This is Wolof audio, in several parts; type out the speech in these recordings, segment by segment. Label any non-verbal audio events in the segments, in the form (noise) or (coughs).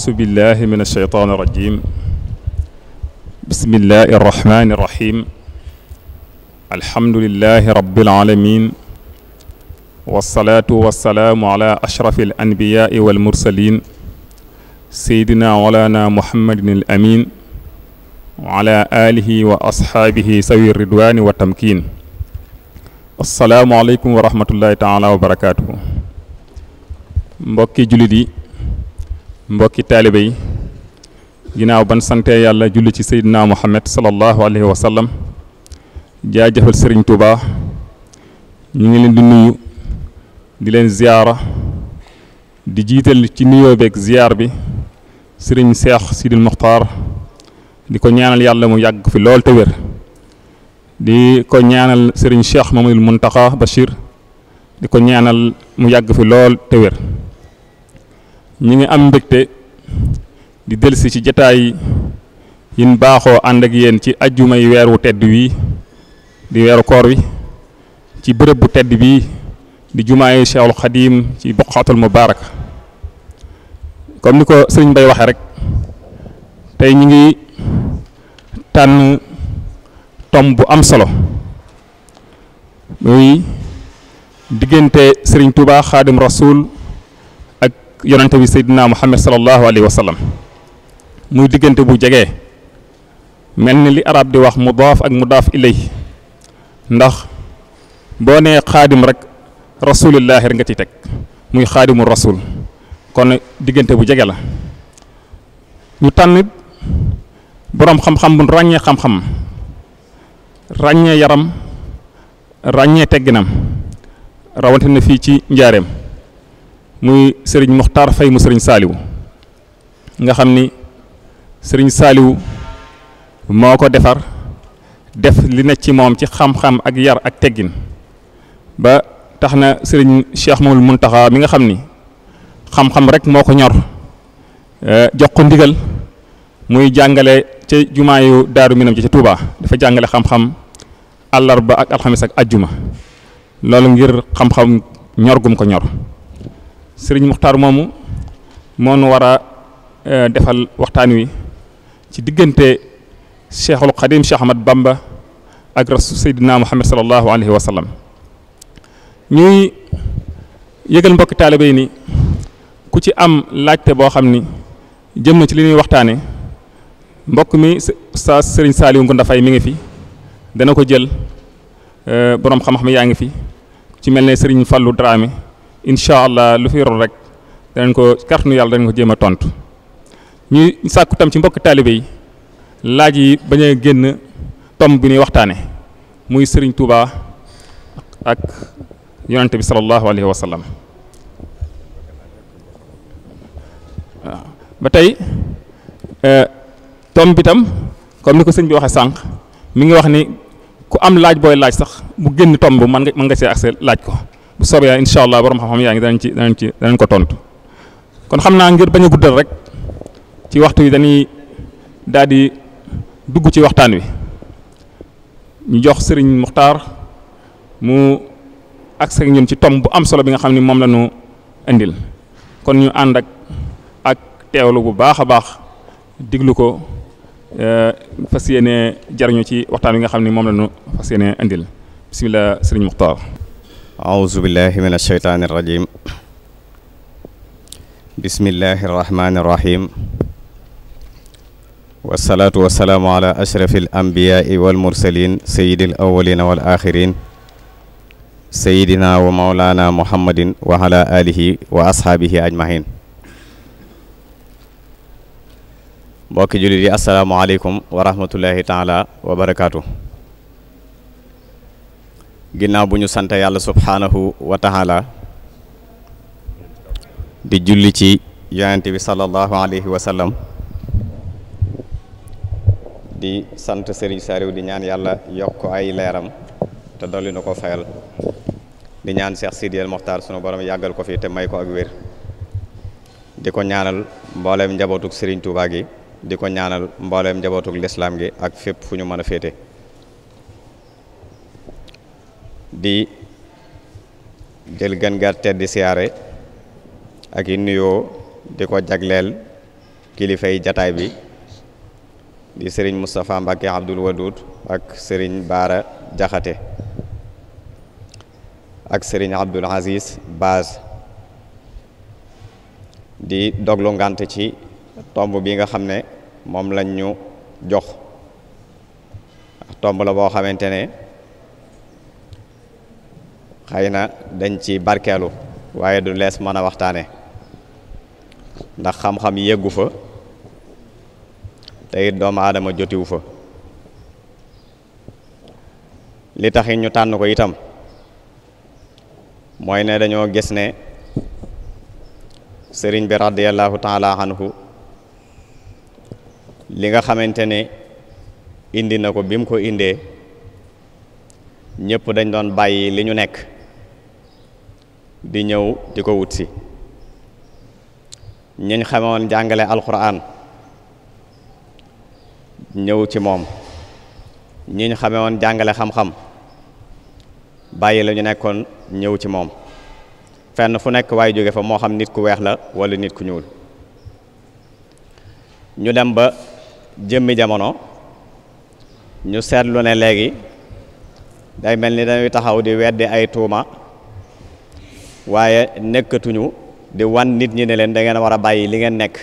أعوذ بالله من الشيطان الرجيم بسم الله الرحمن الرحيم الحمد لله رب العالمين والصلاة والسلام على أشرف الأنبياء والمرسلين سيدنا مولانا محمد الأمين وعلى آله وأصحابه سوي الردوان والتمكين السلام عليكم ورحمة الله تعالى وبركاته mbokki jullit yi mbokki taalibe yi ginnaaw ban sante yàlla julli ci seydina muhammad sallallahu alayhi wa sallam jaajëfal sëriñ Touba ñu ngi leen di nuyu di leen ziyaara di jiital ci nuyoo beeg ziyaar bi sëriñ Seex Sidil Muxtaar di ko ñaanal yàlla mu yàgg fi lool te wér di ko ñaanal sëriñ Cheikh Mamadul Muntaxa Bachir di ko ñaanal mu yàgg fi lool te wér ñu ngi am mbégte di delsi ci jataay yin baaxoo ànd ak yéen ci ajjuma yi weer wu tedd wi di weeru koor wi ci bërëb bu tedd bii di jumaayi Cheikhul Xadim ci boqaatul mubaaraka comme ni ko sëriñ Bay waxe rek tey ñu ngi tànn tom bu am solo muy diggante sëriñ Touba Xaadim Rasul ak yonante bi seydina muhammad sallallahu alayhi wa sallam muy diggante bu jege mel ni li arab di wax mudaaf ak mudaaf ilay ndax boo nee xaadim rek rasulillahi rek nga ci teg muy xaadimu rasul kon diggante bu jege la ñu tànn boroom xam-xam bu ràññee xam-xam ràññee yaram ràññee tegginam rawante na fii ci njaareem muy sëriñ Mokhtar Faye mu sëriñ Saaliw nga xam ni sëriñ Saaliw moo ko defar def li nekk ci moom ci xam-xam ak yar ak teggin ba tax na sëriñ Cheikh Mamul Muntaxa mi nga xam ni xam-xam rek moo ko ñor eh, jox ko ndigal muy jàngale ca jumaa yu Daaru Minam ci ca Touba dafa jàngale xam-xam àllarba ak alxamis ak ajjuma loolu ngir xam-xam ñor gum ko ñor sëriñ Muxtaar moomu moo nu war a eh, defal waxtaan wi ci diggante cheikhul xadim Cheikh Bamba ak rasul Seydina Muhammad sallallahu alayhi wa sallam ñuy yëgal mbokki taalibe yi ni ku ci am laajte boo xam ni jëm ci li ñuy waxtaane mbokk mi sa sëriñ Saaliw Ngunda Fay mi ngi fi dana ko jël eh, boroom xam-xam yaa ngi fi ci mel ne sëriñ fallu Dramé incha allah lu fi yorul rek danañ ko kàttanu yàlla danañ ko jéem a tontu ñuy sàkku tam ci mbokk taalibe yi laaj yi bañ génn tom bi ñuy waxtaane muy sëriñ Touba ak yonante bi sallallahu alayhi wa ba tey euh, tom bi tam comme ni ko sëñ bi waxee sànq mi ngi wax ni ku am laaj booy laaj sax mu génn tomb man nga nga see accès laaj ko bu soobee yàlla incha allah borom xam-xam yaa ngi danañ ci danañ ci danañ ko tontu kon xam naa ngir bañ a guddal rek ci waxtu wi dañuy daal di dugg ci waxtaan wi ñu jox sëriñ Muxtaar mu agsi ak ñun ci tom bu am solo bi nga xam ni moom la ñu indil kon ñu ànd ak ak teewlu bu baax a baax diglu ko. Eh, fas yéene jariñu ci waxtaan wi nga xam ne moom la ñu fas yéene indil bisimilah sëriñ Muxtaar أعوذ بالله من الشيطان الرجيم بسم الله الرحمن الرحيم والصلاة والسلام على أشرف الأنبياء والمرسلين سيد الأولين والآخرين سيدنا ومولانا محمد وعلى آله وأصحابه أجمعين mbokki jullit yi asalaamaaleykum wa rahmatullahi taala wa barakaatu ginnaaw bu ñu sant yàlla subhaanahu wa taala di julli ci yonent bi sallallahu alayhi wa sallam di sant sëriñ Saliou di ñaan yàlla yokk ay leeram te dolli na ko fayal di ñaan Cheikh Sidiel Mokhtar sunu borom yàggal ko fi te may ko ak wér di ko ñaanal mbooleem njabootug sëriñ Touba gi di ko ñaanal mbooleem njabootug lislaam gi ak fépp fu ñu mën a féete di jël gën gaa tedd siyaare ak i nuyoo di ko jagleel kilifay jataay bi di sëriñ Moustapha Mbacke Abdoul Wadoud ak sëriñ Baara Jaxate ak sëriñ Abdoul Aziz Baaz di doglu ngante ci tomb bi nga xam ne moom lañ ñu jox tomb la boo xamante ne xëy na dañ ci barkeelu waaye du lees mën a waxtaane ndax xam-xam yeggu fa te doomu aadama jotiwu fa li taxi ñu tànn ko itam mooy ne dañoo gis ne sëriñ bi radiyallahu taala anhu li nga xamante ne indi na ko bi mu ko indee ñëpp dañ doon bàyyi li ñu nekk di ñëw di ko wut si ñañ xamoon jàngale alxuraan ñëw ci moom ñiñ xamewoon jàngale xam-xam bàyyi la ñu nekkoon ñëw ci moom fenn fu nekk waaye jóge fa moo xam nit ku weex la walla nit ku ñuul ñu dem ba jëmmi jamono ñu seetlu ne léegi day mel ni dañuy taxaw di weddi ay tuuma waaye nekkatuñu di wan nit ñi ne leen da ngeen war a bàyyi li ngeen nekk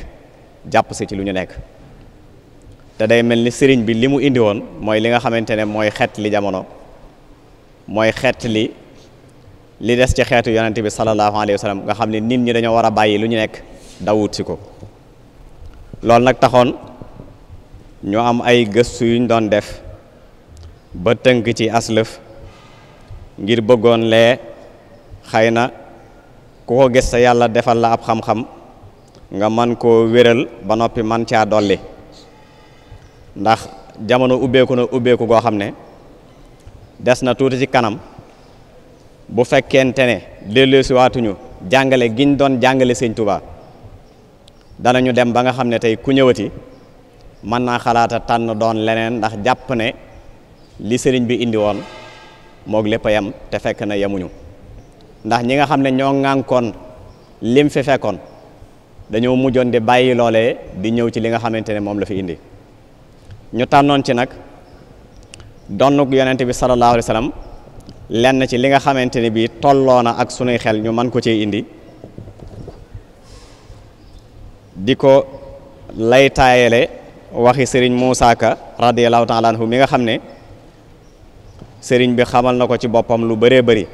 jàpp si ci lu ñu nekk te day mel ni sëriñ bi li mu indi woon mooy li nga xamante ne mooy xeet li jamono mooy xeet li li des ci xeetu yonente bi sallallahu alayhi wa sallam nga xam ne nit ñi dañoo war a bàyyi lu ñu nekk dawut si ko loolu nag taxoon ñu am ay gëstu yuñ doon def ba tënk ci aslëf ngir bëggoon lee xëy na ku ko gis sa yàlla defal la ab xam-xam nga man koo wéral ba noppi man caa dolli ndax jamono ubbeeku na ubbeeku goo xam ne des na tuuti ci kanam bu fekkente ne dellusi waatuñu jàngale giñ doon jàngale sëñ Tuubaa danañu dem ba nga xam ne tey ku ñëwati mën naa xalaata tànn doon leneen ndax jàpp ne li sëriñ bi indi woon moog lépp a te fekk na yemuñu ndax ñi nga xam ne ñoo ŋànkoon lim fi fekkoon dañoo mujjoon di bàyyi loole di ñëw ci li nga xamante ne moom la fi indi ñu tànnoon ci nag donn yonente bi sallallahu alayhi wa sallam lenn ci li nga xamante ne bii tolloo na ak sunuy xel ñu mën ko cee indi di ko lay taayale waxi sëriñ Moussa Ka radiyallahu taala mi nga xam ne sëriñ bi xamal na ko ci boppam lu bëree bari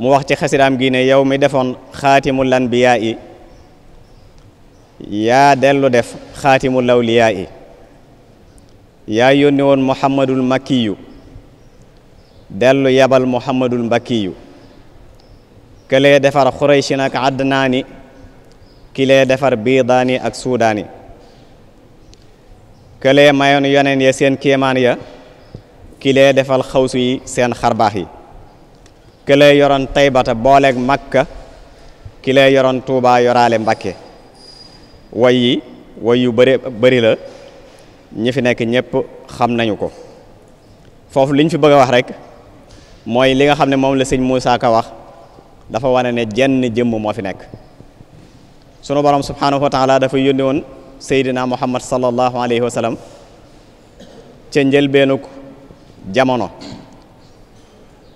mu wax ci xasiraam gi ne yow mi defoon xaatimul anbiyaa yi yaa dellu def xaatimul awliyaa yi yaa yónni woon muhammadul makkiyu dellu yabal muhammadul mbakkiyu këlee defar xuraysin ak adnaani kilee defar biidaani ak suudaani këlee mayoon yoneen ya seen kéemaan ya kilee defal xawsu yi seen xarbaax yi ki lay yoroon taybata booleeg makka ki lay yoroon tuubaa yoraale mbakke way yi way yu bëri bëri la ñi fi nekk ñëpp xam nañu ko foofu liñ fi bëgg a wax rek mooy li nga xam ne moom la sëñ Moussa Ka wax dafa wane ne jenn jëmm moo fi nekk sunu borom subhanahu wa dafa yónni woon seydina muhammad sallallahu alayhi wa sallam ca njëlbeenuk jamono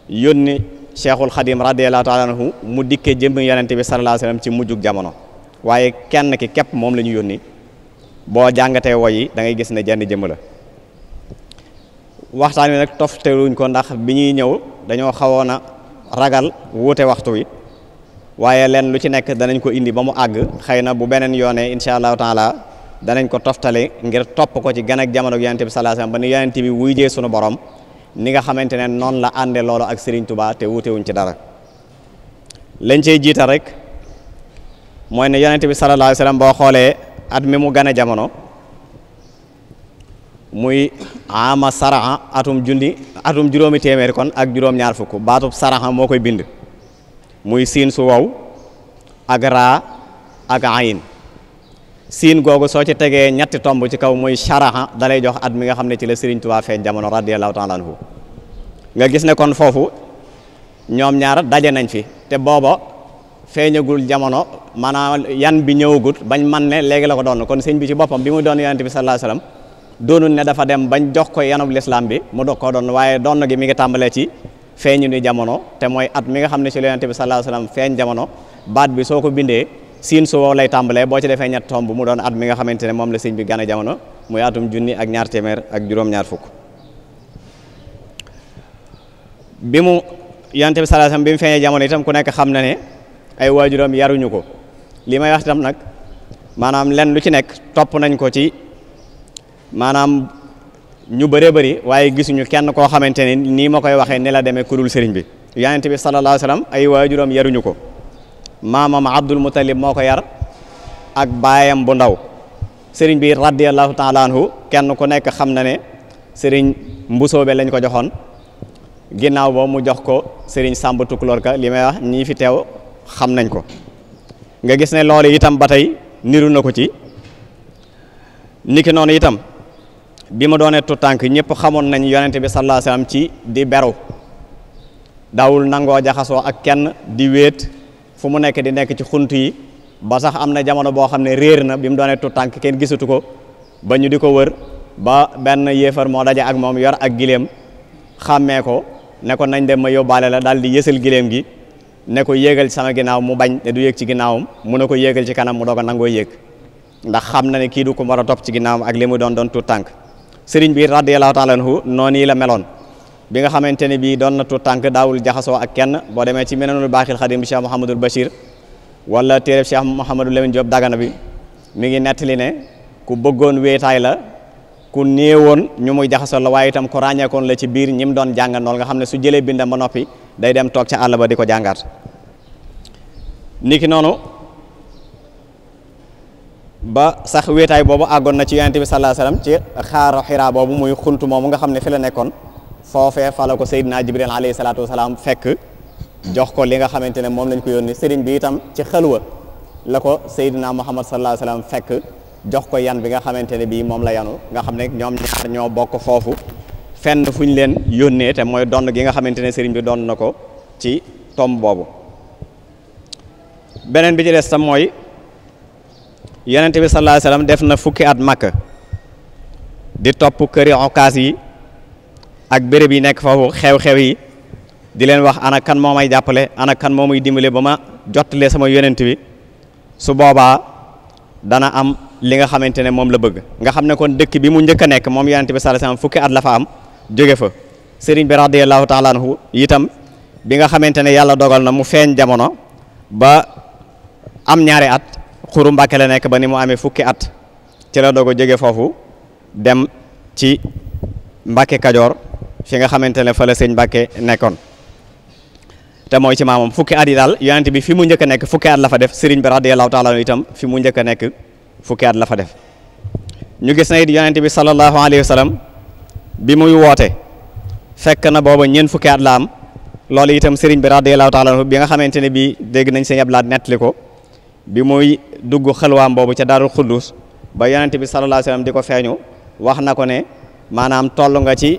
yónni cheikhul xadim radiallahu taala anhu mu dikkee jëmmi yonente bi sallallahu alayhi wasallam ci mujjug jamono waaye kenn ki képp moom la ñu yónni boo jàngatee woy yi da ngay gis ne jenn jëmm la waxtaan wi nag tofteluñ ko ndax bi ñuy ñëw dañoo xawoon a ragal wuute waxtu wi waaye leen lu ci nekk danañ ko indi ba mu àgg xëy na bu beneen yoonee incha allahu taala danañ ko toftale ngir topp ko ci gan jamono yonente bi sallallahu ba ni yonente bi wuy jee sunu borom ni nga xamante ne noonu la ànde loolo ak Serigne Touba te wuute wuñ ci dara lañ cey jiital rek mooy ne yonente bi sallallahu alayhi boo xoolee at mi mu gane jamono muy ama saraxa atum junni atum juróomi téeméeri kon ak juróom-ñaar fukk baatub saraxa moo koy bind muy siin su wow ak raa ak ayin siin googu soo ci tegee ñetti tomb ci kaw muy sharaha dalay jox at mi nga xam ne ci la Serigne Touba feeñ jamono radiyallahu taala anhu nga gis ne kon foofu ñoom ñaar daje nañ fi te booba feeñagul jamono maanaam yan bi ñëwagut bañ man ne léegi la ko doon kon sëñ bi ci boppam bi mu doon yonent bi sallallahu alayhi wasallam doonu ne dafa dem bañ jox ko yanub lislaam bi mu doog ko doon waaye doon gi mi nga tàmbalee ci feeñ ni jamono te mooy at mi nga xam ne ci la bi sallallahu alayhi feeñ jamono baat soo ko bindee siin su lay tàmbalee boo ci defee ñett tomb mu doon at mi nga xamante ne moom la sëñ bi gane jamono muy atum junni ak ñaar téeméer ak juróom-ñaar fukk bi mu yonent bi sallallahu alayhi jamono itam ku nekk xam na ne ay waajuram yaruñu ko li may wax nag maanaam lenn lu ci nekk topp nañ ko ci maanaam ñu bëree bëri waaye gisuñu kenn koo xamante ne nii ma koy waxee ni la demee kurul sëriñ bi yonent bi sallallahu alayhi wasallam ay waajuram yaruñu ko maamam Abdul Muttalib moo ko yar ak baayam bu ndaw sëriñ bi radiyallahu taala kenn ku nekk xam na ne sëriñ mbusoobe lañ ko joxoon ginnaaw ba mu jox ko sëriñ Sàmb Tukulóor ka li may wax ñii fi teew xam nañ ko nga gis ne loolu itam ba tey niru na ko ci niki noonu itam bi mu doonee tu tànk ñëpp xamoon nañ yonente bi sallallahu alayhi ci di beru dawul nangoo jaxasoo ak kenn di wéet fu mu nekk di nekk ci xunt yi ba sax am na jamono boo xam ne réer na bi mu doonee tu tànk kenn gisatu ko ba ñu di ko wër ba benn yéefar moo daje ak moom yor ak gileem xàmmee ko ne ko nañ dem ma yóbbaale la daal di yësal gileem gi ne ko yéegal ci sama ginnaaw mu bañ te du yéeg ci ginnaawam mu ne ko yéegal ci kanam mu doog a nangoo yéeg ndax xam na ne kii du ko war a topp ci ginnaawam ak li mu doon doon tu tànk sëriñ bi radiyallahu taala anhu noonu la meloon bi nga xamante ne bii doon na tu tànk daawul jaxasoo ak kenn boo demee ci meneenul baaxil xadim bi Cheikh Mouhamadul Bachir wala téereb Cheikh Mouhamadou Lamine Diop Dagana bi mi ngi nettali ne ku bëggoon wéetaay la ku néewoon ñu muy jaxasoo la waaye itam ku ràññeekoon la ci biir ñi mu doon jàng nga xam ne su jëlee bindam ba noppi day dem toog ca àll ba di ko jàngaat niki noonu ba sax wéetaay boobu àggoon na ci yonente bi sallallahu alayhi wasallam ci xaaru xiraa nga xam ne la nekkoon foofee fala ko Seydina Jibril alayhi salaatu wasalaam fekk jox ko li nga xamante ne moom lañ ko yónni sëriñ bi itam ci xalwa la ko Seydina Muhammad sallallahu alayhi wasallam fekk jox ko yan bi nga xamante ne bii moom la yanu nga xam ne ñoom ñaar ñoo bokk foofu fenn fu ñu leen yónnee te mooy donn gi nga xamante ne sëriñ bi donn na ko ci tom boobu beneen bi ci des tam mooy yonente bi sallallahu alayhi wasallam def na fukki at Makka di topp këri Okaas yi ak béréb yi nekk foofu xew-xew yi di leen wax ana kan moo may jàppale ana kan moo may dimbale ba ma jot lee sama yonent bi su boobaa dana am li nga xamante ne moom la bëgg nga xam ne kon dëkk bi mu njëkk a nekk moom yonent bi sallallahu alayhi fukki at la fa am jóge fa sëriñ bi radiyallahu taala anhu itam bi nga xamante ne yàlla dogal na mu feeñ jamono ba am ñaari at xuru Mbàkke la nekk ba ni mu amee fukki at ci la doog a jóge foofu dem ci Mbàkke Kajoor fi nga xamante ne fa la sëñ Mbàkke nekkoon te mooy ci maamam fukki at yi daal yonent bi fi mu njëkk a nekk fukki at la fa def sëriñ bi radiyallahu taala itam fi mu njëkk nekk fukki at def ñu gis it yonent bi sallallahu alayhi wa bi muy woote fekk na booba ñeent fukki at loolu itam sëriñ bi radiyallahu taala bi nga xamante ne bii dégg nañ sëñ Ablaat nettali ko bi muy dugg xelwaam boobu ca Daarul Xuddus ba yonent bi sallallahu alayhi wa sallam di ko feeñu wax na ko ne maanaam toll nga ci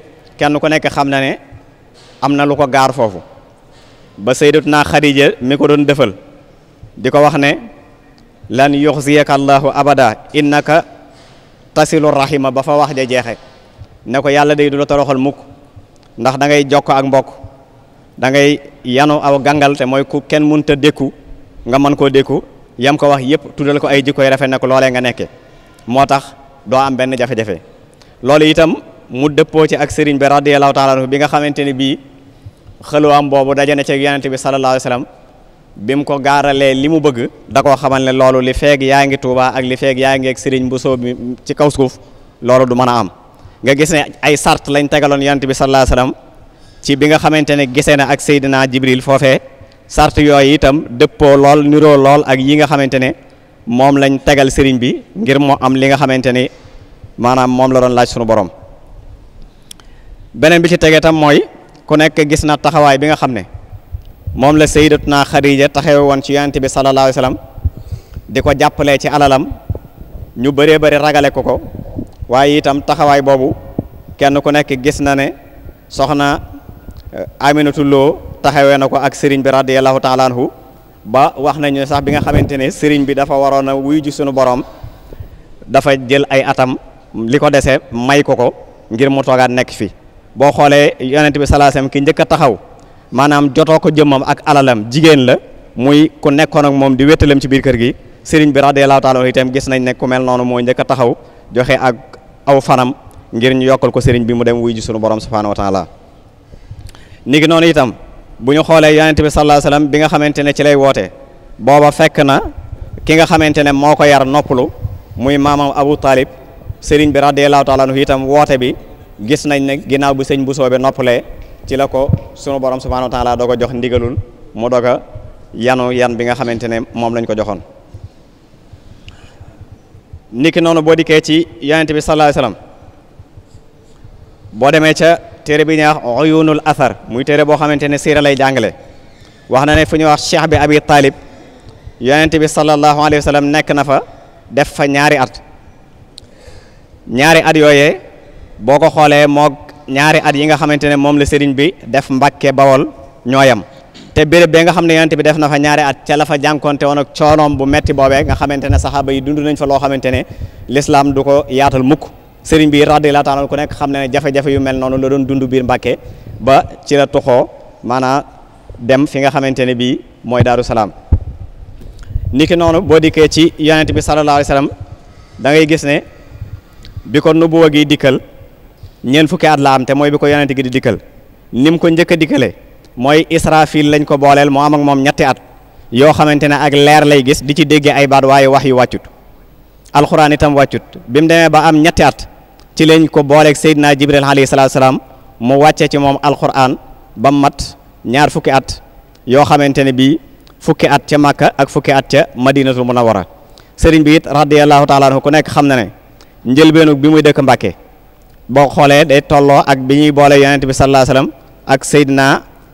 kenn ku nekk xam na ne am na lu ko gaar foofu ba naa xarija mi ko doon defal di ko wax ne lan yuxziyaka allahu abada innaka tasilu rahima ba fa wax ja jeexe ne ko yàlla day du la toroxal mukk ndax da ngay jokk ak mbokk dangay ngay aw gàngal te mooy ku kenn mënta dékku nga mën koo dékku yam ko wax yëpp tuddal ko ay jikkoy rafet na ko loolee nga nekke moo tax doo am benn jafe-jafe loolu itam mu dëppoo ci ak sëriñ bi radiyallahu taala anhu bi nga xamante ni bii xëluwaam boobu dajane ci yonente bi sallallahu alayhi wa sallam mu ko gaaralee li mu bëgg da koo xamal ne loolu li feeg yaa ngi Tuubaa ak li feeg yaa ngi ak sëriñ bu soob bi ci kaw suuf loolu du mën a am nga gis ne ay sart lañ tegaloon yonente bi sallallahu alayhi ci bi nga xamante ne gisee na ak Seydina Jibril foofee sart yooyu itam dëppoo lool niroo lool ak yi nga xamante ne moom lañ tegal sëriñ bi ngir moo am li nga xamante ni maanaam moom la doon laaj sunu borom beneen bi ci tegee tam mooy ku nekk gis na taxawaay bi nga xam ne moom la sayyidatuna Xadija taxawe woon ci yonent bi sallallahu alayhi wa di ko jàppalee ci alalam ñu bëree bëri ragale ko ko waaye itam taxawaay boobu kenn ku nekk gis na ne soxna eh, Aminatu Lo taxawee na ko ak sëriñ bi radiyallahu taala anhu ba wax nañu sax bi nga xamante ne sëriñ bi dafa waroon a wuy ji sunu borom dafa jël ay atam li ko dese may ko ko ngir mu toogaat nekk fi boo xoolee yonent bi salaasam ki njëkk a taxaw maanaam jotoo ko jëmmam ak alalam jigéen la muy ku nekkoon ak moom di wéttalam ci biir kër gi sëriñ bi radiyallahu taala itam gis nañ ne ku noonu mooy njëkk a taxaw joxe ak aw fanam ngir ñu yokkal ko sëriñ bi mu dem wuy sunu borom subhaanahu wa taala noonu itam bu ñu xoolee yonent bi sallallahu alayhi bi nga xamante ne ci lay woote booba fekk na ki nga xamante ne moo ko yar noppalu muy maamam Abu Talib sëriñ bi radiyallahu taala anhu itam woote bi gis nañ ne ginnaaw bi sëñ bu nopp noppalee ci la ko sunu borom subhaanahu wa taala doog jox ndigalul mu doog yanu yan bi nga xamante ne moom lañ ko joxoon. niki noonu boo dikkee ci yonent bi sallallahu alayhi boo demee ca téere bi ñuy wax uyunul athar muy téere boo xamante ne siira lay jàngale wax na ne fu ñuy wax cheikh bi abi talib yonent bi sallallahu alayhi wasallam nekk na fa def fa ñaari at ñaari at yooyee. boo ko xoolee moog ñaari at yi nga xamante ne moom la sëriñ bi def Mbàkke Bawol ñooyam te béréb bee nga xam ne yonent bi def na fa ñaari at ca la fa jànkonte woon ak coonoom bu metti boobee nga xamante ne saxaaba yi dund nañ fa loo xamante ne lislaam du ko yaatal mukk sëriñ bi radiyallaahu taala ku nekk xam ne ne jafe-jafe yu mel noonu la doon dund biir Mbàkke ba ci la toxoo maanaam dem fi nga xamante ne bii mooy Daaru Salaam niki noonu boo dikkee ci yonent bi sallallaahu alayhi gis ne bi ko nubuwa ñeent fukki at la am te mooy bi ko yonente gi di dikkal ni mu ko njëkk dikkale mooy israfil lañ ko booleel moo am ak moom ñetti at yoo xamante ne ak leer lay gis di ci déggee ay baat waaye wax yu wàccut alxuraan itam wàccut bi demee ba am ñetti at ci lañ ko booleeg Seydina Jibril alayhi salaatu salaam mu wàccee ci moom alxuraan ba mat ñaar fukki at yoo xamante ne bii fukki at ca Makka ak fukki at ca Madinatul Munawwara sëriñ bi it radiyallahu taala anhu xam na ne njëlbeenug bi muy dëkk Mbàkke boo xoolee day tolloo ak bi ñuy boole yonent bi sallallahu alayhi wasallam ak Seydina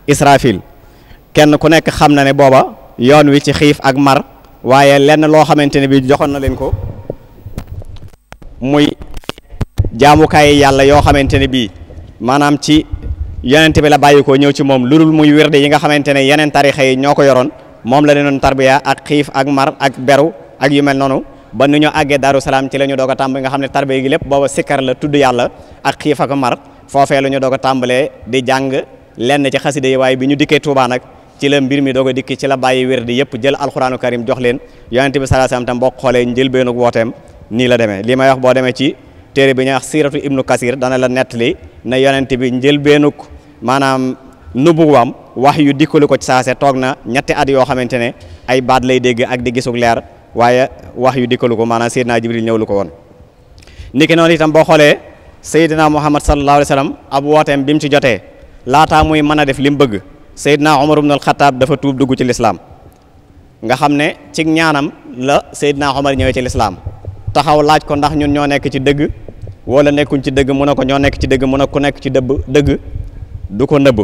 Israfil kenn ku nekk xam na ne booba yoon wi ci xiif ak mar waaye lenn loo xamante ne bii joxoon na leen ko muy jaamukaay yàlla yoo xamante ne bii maanaam ci yonent bi la bàyyi ko ñëw ci moom lu dul muy wirde yi nga xamante ne yeneen tarixa yi ñoo ko yoroon moom la leen doon tarbiya ak xiif ak mar ak beru ak yu noonu ba nu ñu àggee Daaru Salaam ci la ñu doog a tàmbali nga xam ne tarbiya gi lépp booba sikkar la tudd yàlla ak xiif ak mar foofee la ñu doog a tàmbalee di jàng lenn ci xasida yi waaye bi ñu dikkee tuubaa nag ci la mbir mi doo a dikki ci la bàyyi wér di yëpp jël alxuraanu karim jox leen yonente bi sallallahu alayhi wasallam tam njël xoolee njëlbeenu wooteem nii la demee li may wax boo demee ci téere bi ñuy wax siiratu ibnu kasir dana la nettali na yonente bi njëlbeenuk maanaam nubuwam wax yu dikkalu ko ci saase toog na ñetti at yoo xamante ne ay baat lay dégg ak di gisug leer waaye wax yu dikkalu ko maanaam Seydina Jibril ñëwlu ko woon niki noonu itam boo xoolee Seydina Muhammad sallallahu alayhi wa sallam ab wooteem bi mu ci jotee laata muy mën a def li bëgg Seydina Omar ibn al-Khattab dafa tuub dugg ci lislaam nga xam ne ci ñaanam la Seydina Omar ñëwee ci lislaam taxaw laaj ko ndax ñun ñoo nekk ci dëgg wala nekkuñ ci dëgg mun ne ko ñoo nekk ci dëgg mu ne ku nekk ci dëbb dëgg du ko nëbb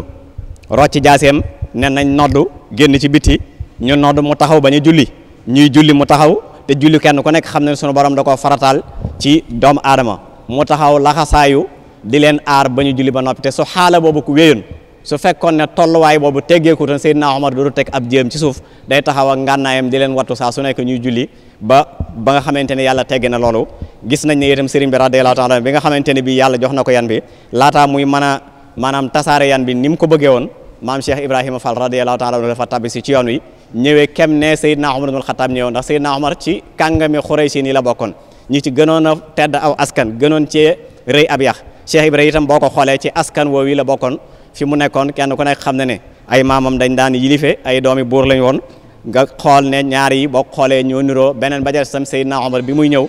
rocc jaaseem ne nañ noddu génn ci biti ñu noddu mu taxaw bañ a julli ñuy julli mu taxaw te julli kenn ku nekk xam ne sunu borom da koo farataal ci doomu aadama mu taxaw laxasaayu di leen aar ba ñu julli ba noppite te su xaala boobu ku wéyoon su fekkoon ne tolluwaay boobu teggeeku tan Seydina Omar dootu teg ab jéem ci suuf day taxaw ak ngànnaayam di leen wattu saa su nekk ñuy julli ba ba nga xamante ne yàlla tegge na loolu gis nañ ne itam sëriñ bi radiyallahu taala bi nga xamante ne bii yàlla jox na ko yan bi laataa muy mën a maanaam tasaare yan bi ni mu ko bëggee woon maam Cheikh Ibrahima Fall radiyallahu taala dafa tabbi si ci yoon wi ñëwee kem ne Seydina Omar ibnul Xataab ñëw ndax Seydina Omar ci kàngami Xuraysi yi la bokkoon ñi ci gënoon a tedd aw askan gënoon cee rëy ab yax Cheikh Ibrahima itam boo ko xoolee ci askan woowu la bokkoon fi mu nekkoon ku nekk xam na ne ay maamam dañ daan yilife ay doomi buur lañ woon nga xool ne ñaar yi xoolee ñoo niroo beneen ba jar sam Seydina Omar bi muy ñëw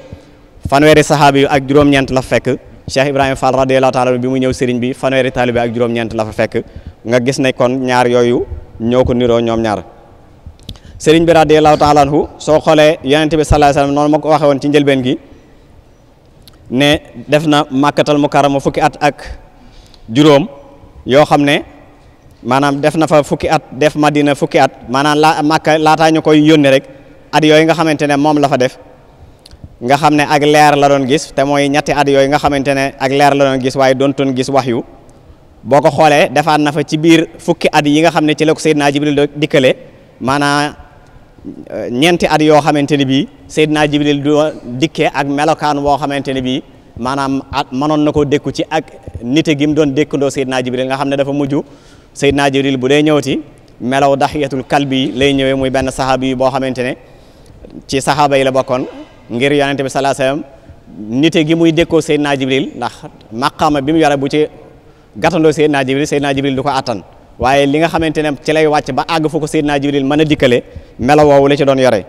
fanweeri saxaaba yi ak juróom-ñeent la fekk Cheikh Ibrahima Fall radiyallahu taala bi muy ñëw sëriñ bi fanweeri taalibe ak juróom-ñeent la fa fekk nga gis ne kon ñaar yooyu ñoo ko niroo ñoom ñaar sëriñ bi radiallahu taala anhu soo xoolee yonente bi sallallahu alayhi wasallam noonu ma ko waxee woon ci njëlbeen gi ne def na màkkatal mukarrama fukki at ak juróom yoo xam ne maanaam def na fa fukki at def madina fukki at maanaam laa màkka laataa ñu koy yónni rek at yooyu nga xamante ne moom la fa def nga xam ne ak leer la doon gis te mooy ñetti at yooyu nga xamante ne ak leer la doon gis waaye doontoon gis wax yu boo ko xoolee defaat na fa ci biir fukki at yi nga xam ne ci la ko Seydina Jibril ñeenti at yoo xamante ne bii Seydina Jibril du dikkee ak melokaan woo xamante ne bii maanaam at mënoon na koo dékku ci ak nite gi mu doon dékkandoo Seydina Jibril nga xam ne dafa mujj Seydina Jibril bu dee ñëw ñëwati melaw daxiyatul kalbi yi lay ñëwee muy benn saxaaba yi boo xamante ne ci saxaaba yi la bokkoon ngir yonente bi salaa salaam nite gi muy dékkoo Seydina Jibril ndax maqaama bi mu yore bu ci gàttandoo Seydina Jibril Seydina Jibril du ko attan waaye li nga xamante ne ci lay wàcc ba àgg fu ko Seydina Jibril mën a dikkale melo woowu la ci doon yore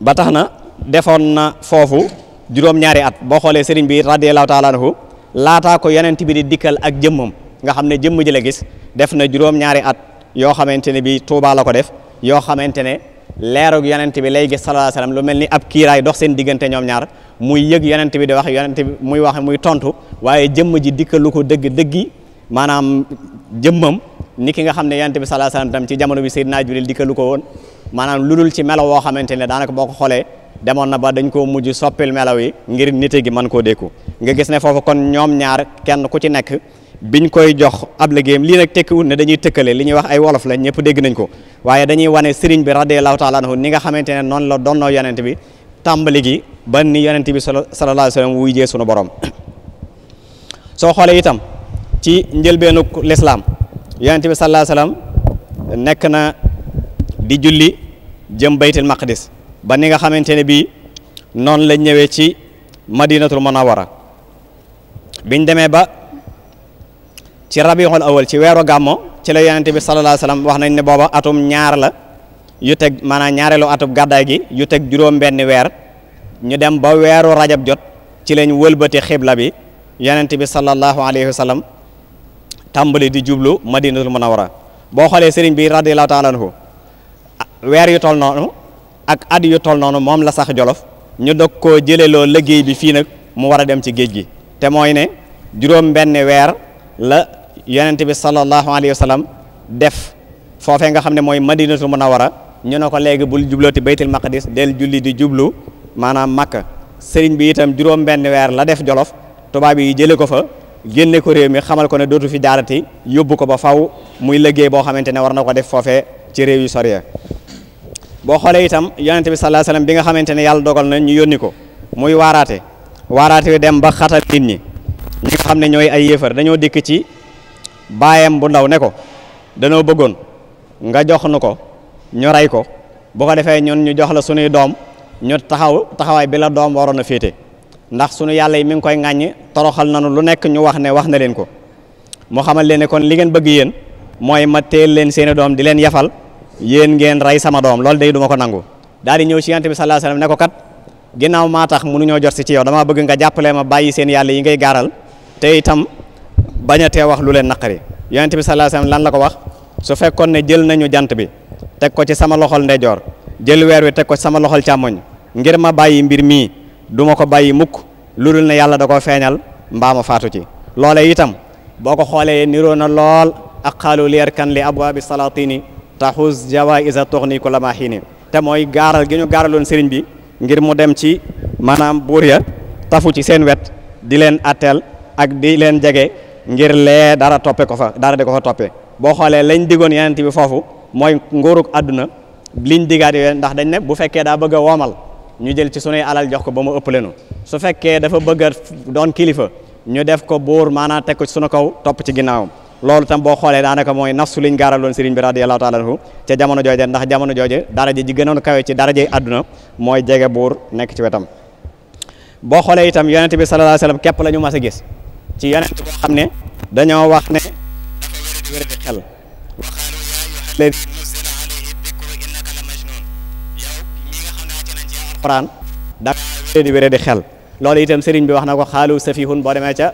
ba tax na defoon na foofu juróom-ñaari at boo xoolee sëriñ bi radiyallahu taala anhu laataa ko yonent bi di dikkal ak jëmmam nga xam ne jëmm ji la gis def na juróom-ñaari at yoo xamante ne bi Tuubaa la ko def yoo xamante ne leerug yonent bi lay gis sallallahu alayhi wasallam lu mel ni ab kiiraay dox seen diggante ñoom ñaar muy yëg yonent bi di wax yonent bi muy wax muy tontu waaye jëmm ji dikkalu ko dëgg dëggi maanaam jëmmam ni ki nga xam ne yonent bi sallallahu alayhi wasallam ci jamono bi Seydina Jibril dikkalu ko woon maanaam lu dul ci melaw woo xamante ne daanaka boo ko xoolee demoon na ba dañ koo mujj soppil melaw yi ngir nite gi mën koo dékku nga gis ne foofu kon ñoom ñaar kenn ku ci nekk biñ koy jox ab lii nag tekkiwut ne dañuy tëkkale li ñuy wax ay wolof la ñëpp dégg nañ ko waaye dañuy wane sëriñ bi radiyallahu taala anhu ni nga xamante ne noonu la donnoo bi tàmbali gi ba ni yonent bi sallallahu alayhi wasallam wuy jee sunu borom (coughs) soo xoolee itam ci njëlbeenuk lislaam yonent bi sallallahu alayhi nekk na di julli jëm baytul maqdis ba ni nga xamante ne bii noonu la ñëwee ci madinatul munawwara biñ demee ba ci rabiul awal ci weeru gàmmo ci la yonent bi sallallahu alayhi wasallam wax nañ ne booba atum ñaar la yu teg maanaam ñaareelu atub gàddaay gi yu teg juróom benni weer ñu dem ba weeru rajab jot ci lañ wëlbati xibla bi yonent bi sallallahu alayhi wasallam tàmbali di jublu madinatul munawara boo xoolee sëriñ bi radiyallahu taala anhu weer yu toll noonu ak at yu toll noonu moom la sax jolof ñu dog koo jëleloo liggéey bi fii nag mu war a dem ci géej gi te mooy ne juróom benn weer la yonent bi sallallahu alayhi wa def foofee nga xam ne mooy madinatul munawara ñu ne ko léegi bul jublooti baytil maqdis del julli di jublu maanaam makka sëriñ bi itam juróom benn weer la def jolof tubaab yi jële ko fa génne ko réew mi xamal ko ne dootu fi jaarati yóbbu ko ba faw muy liggéey boo xamante ne war na ko def foofee ci réew yi sori boo xoolee itam yonente bi sallallahu alayhi bi nga xamante ne yàlla dogal na ñu yónni ko muy waaraate waaraate wi dem ba xatal nit ñi ñi xam ne ñooy ay yéefar dañoo dikk ci baayam bu ndaw ne ko danoo bëggoon nga jox nu ko ñu rey ko bu ko defee ñun ñu jox la sunuy doom ñu taxaw taxawaay bi la doom waroon a féete ndax suñu yàlla yi mi ngi koy ŋàññ toroxal nanu lu nekk ñu wax ne wax na leen ko moo xamal leen ne kon li ngeen bëgg yéen mooy ma teel leen seeni doom di leen yafal yéen ngeen rey sama doom loolu day duma ko nangu daal di ñëw ci yonent bi sallallahu alayhi ne ko kat ginnaaw maa tax mënuñoo jot si ci yow damaa bëgg nga jàppale ma bàyyi seen yàlla yi ngay gaaral te itam bañ a tee wax lu leen naqari yonent bi sallallahu alayhi wasallam lan la ko wax su fekkoon ne jël nañu jant bi teg ko ci sama loxol ndeyjoor jël weer wi teg ko sama loxol càmmoñ duma ko bàyyi mukk lu dul na yàlla da koo feeñal mbaamu ma faatu ci loole itam boo ko xoolee niroo na lool ak xaalu leer kan li abwaabi salaatini taxus jawaïsa toxni ku la maa xiini te mooy gaaral gi ñu gaaraloon sëriñ bi ngir mu dem ci maanaam buur ya tafu ci seen wet di leen atteel ak di leen jege ngir lee dara toppe ko fa dara de ko fa toppe boo xoolee lañ diggoon yeneen bi foofu mooy nguurug àdduna liñ diggaat yooyu ndax dañ ne bu fekkee daa bëgg a woomal ñu jël ci sunuy alal jox ko ba mu ëpp leenu su fekkee dafa bëgg a doon kilifa ñu def ko buur maanaam teg ko ci sunu kaw topp ci ginnaawam loolu tam boo xoolee daanaka mooy nafsu liñ gaaraloon sëriñ bi radiyallahu taala anhu ca jamono jooje ndax jamono jooje daraja ji gënoon kawe ci daraja yi àdduna mooy jege buur nekk ci wetam boo xoolee itam yonent bi sallallahu alayhi wasallam képp la ñu mas a gis ci yonent boo xam ne dañoo wax ne xel alquran da leen di wéree di xel loolu itam sëriñ bi wax na ko xaalu safihun boo demee ca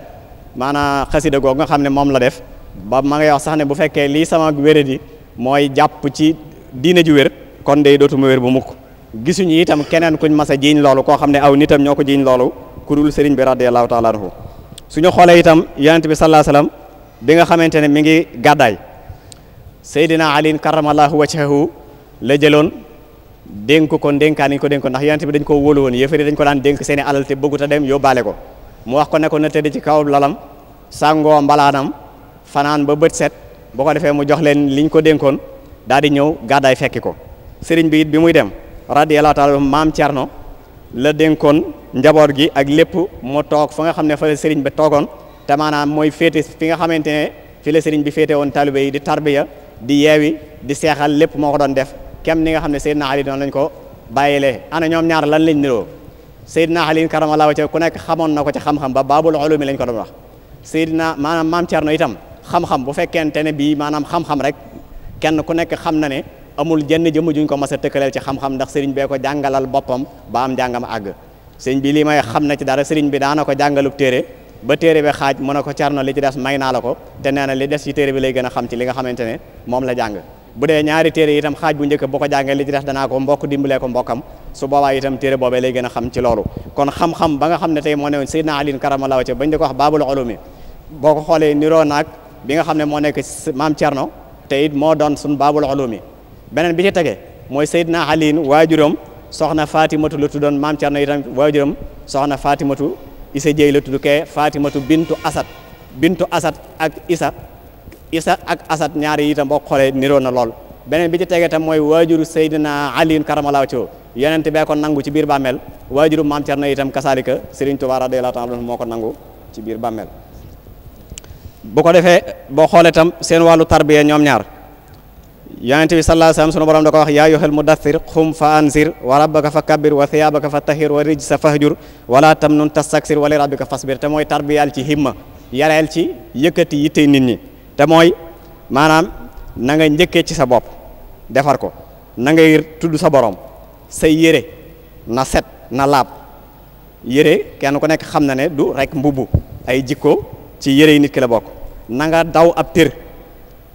maanaam xasida googu nga xam ne moom la def ba ma ngay wax sax ne bu fekkee lii sama wéré di mooy jàpp ci diina ji wér kon day dootuma wér bu mukk gisuñu itam keneen kuñ mas a jiiñ loolu koo xam ne aw nitam ñoo ko jiiñ loolu ku dul sëriñ bi radiyallahu taala anhu suñu xoolee itam yonent bi sallallahu alayhi wasallam bi nga xamante ne mi ngi gàddaay Seydina Ali karamallahu wajhahu la jëloon dénk ko ndénkaan nañ ko dénk ko ndax yonent bi dañ ko wóolu woon yëfari dañ ko daan dénk seeni alal te bëggut a dem yóbbaale ko mu wax ko ne ko na tëdd ci kaw lalam sàngoo mbalaanam fanaan ba bët set boo ko defee mu jox leen liñ ko dénkoon daal di ñëw gàddaay fekki ko sëriñ bi it bi muy dem radiyallahu taala maam Cerno la dénkoon njaboot gi ak lépp mu toog fa nga xam ne fa la sëriñ bi toogoon te maanaam mooy féete fi nga xamante ne fi la sëriñ bi féete woon taalibe yi di tarbiya di yeewi di seexal lépp moo ko doon def kem ni nga xam ne Seydina Ali noonu lañ ko bàyyilee ana ñoom ñaar lan lañ niroo Seydina Ali karamallaahu wajhahu ku nekk xamoon na ko ci xam-xam ba baabul ulumi lañ ko doon wax Seydina maanaam maam Thierno itam xam-xam bu fekkente ne bii maanaam xam-xam rek kenn ku nekk xam na ne amul jenn jëmm juñ ko mas a tëkkaleel ci xam-xam ndax sëriñ bee ko jàngalal boppam ba am jàngam àgg sëriñ bi lii may xam na ci dara sëriñ bi daana ko jàngalub téere ba téere bi xaaj mu ne ko Thierno li ci des may naa la ko te nee na li des ci bi lay gën a xam ci li nga xamante ne moom la jàng bu dee ñaari téere itam xaaj bu njëkk boo ko jàngee li ci des danaa ko mbokk dimbalee ko mbokkam su boobaa itam téere boobee lay gën a xam ci loolu kon xam-xam ba nga xam ne tey moo ne woon Seydina Aliin karamallaahu wajhahu bañ di ko wax baabul ulumi boo ko xoolee niroo naag bi nga xam ne moo nekk maam Cerno te it moo doon suñ baabul ulumi beneen bi ci tege mooy Seydina Aliin waajuram soxna Fatimatu la tuddoon maam Cerno itam waajuram soxna Fatimatu Isa Jéy la tudd kee Fatimatu bintu Asad bintu Asad ak Isa isa ak asad ñaari itam boo xoolee niroo na lool beneen bi ci tegee tam mooy waajuru Seydina Aliin karamallahu wajhahu yonent bee ko nangu ci biir bàmmeel waajuru maam Cerno itam kasaalika Serigne Touba radiyallahu ta'ala anhu moo ko nangu ci biir bàmmeel bu ko defee boo xoolee tam seen wàllu tarbiya ñoom ñaar yonent bi sallallahu alayhi wasallam sunu borom da ko wax yaa ayyuhal mudaththir qum fa anzir wa rabbaka fakabbir wa thiyabaka fatahhir wa rijsa fahjur wala tamnun tastakthir wa li rabbika fasbir tam mooy tarbiyal ci himma yareel ci yëkkati yitte nit ñi te mooy maanaam na nga njëkkee ci sa bopp defar ko nangay tudd sa borom say yére na set na laab yére kenn ku nekk xam na ne du rek mbubb ay jikko ci yére yi nit ki la bokk na nga daw ab tir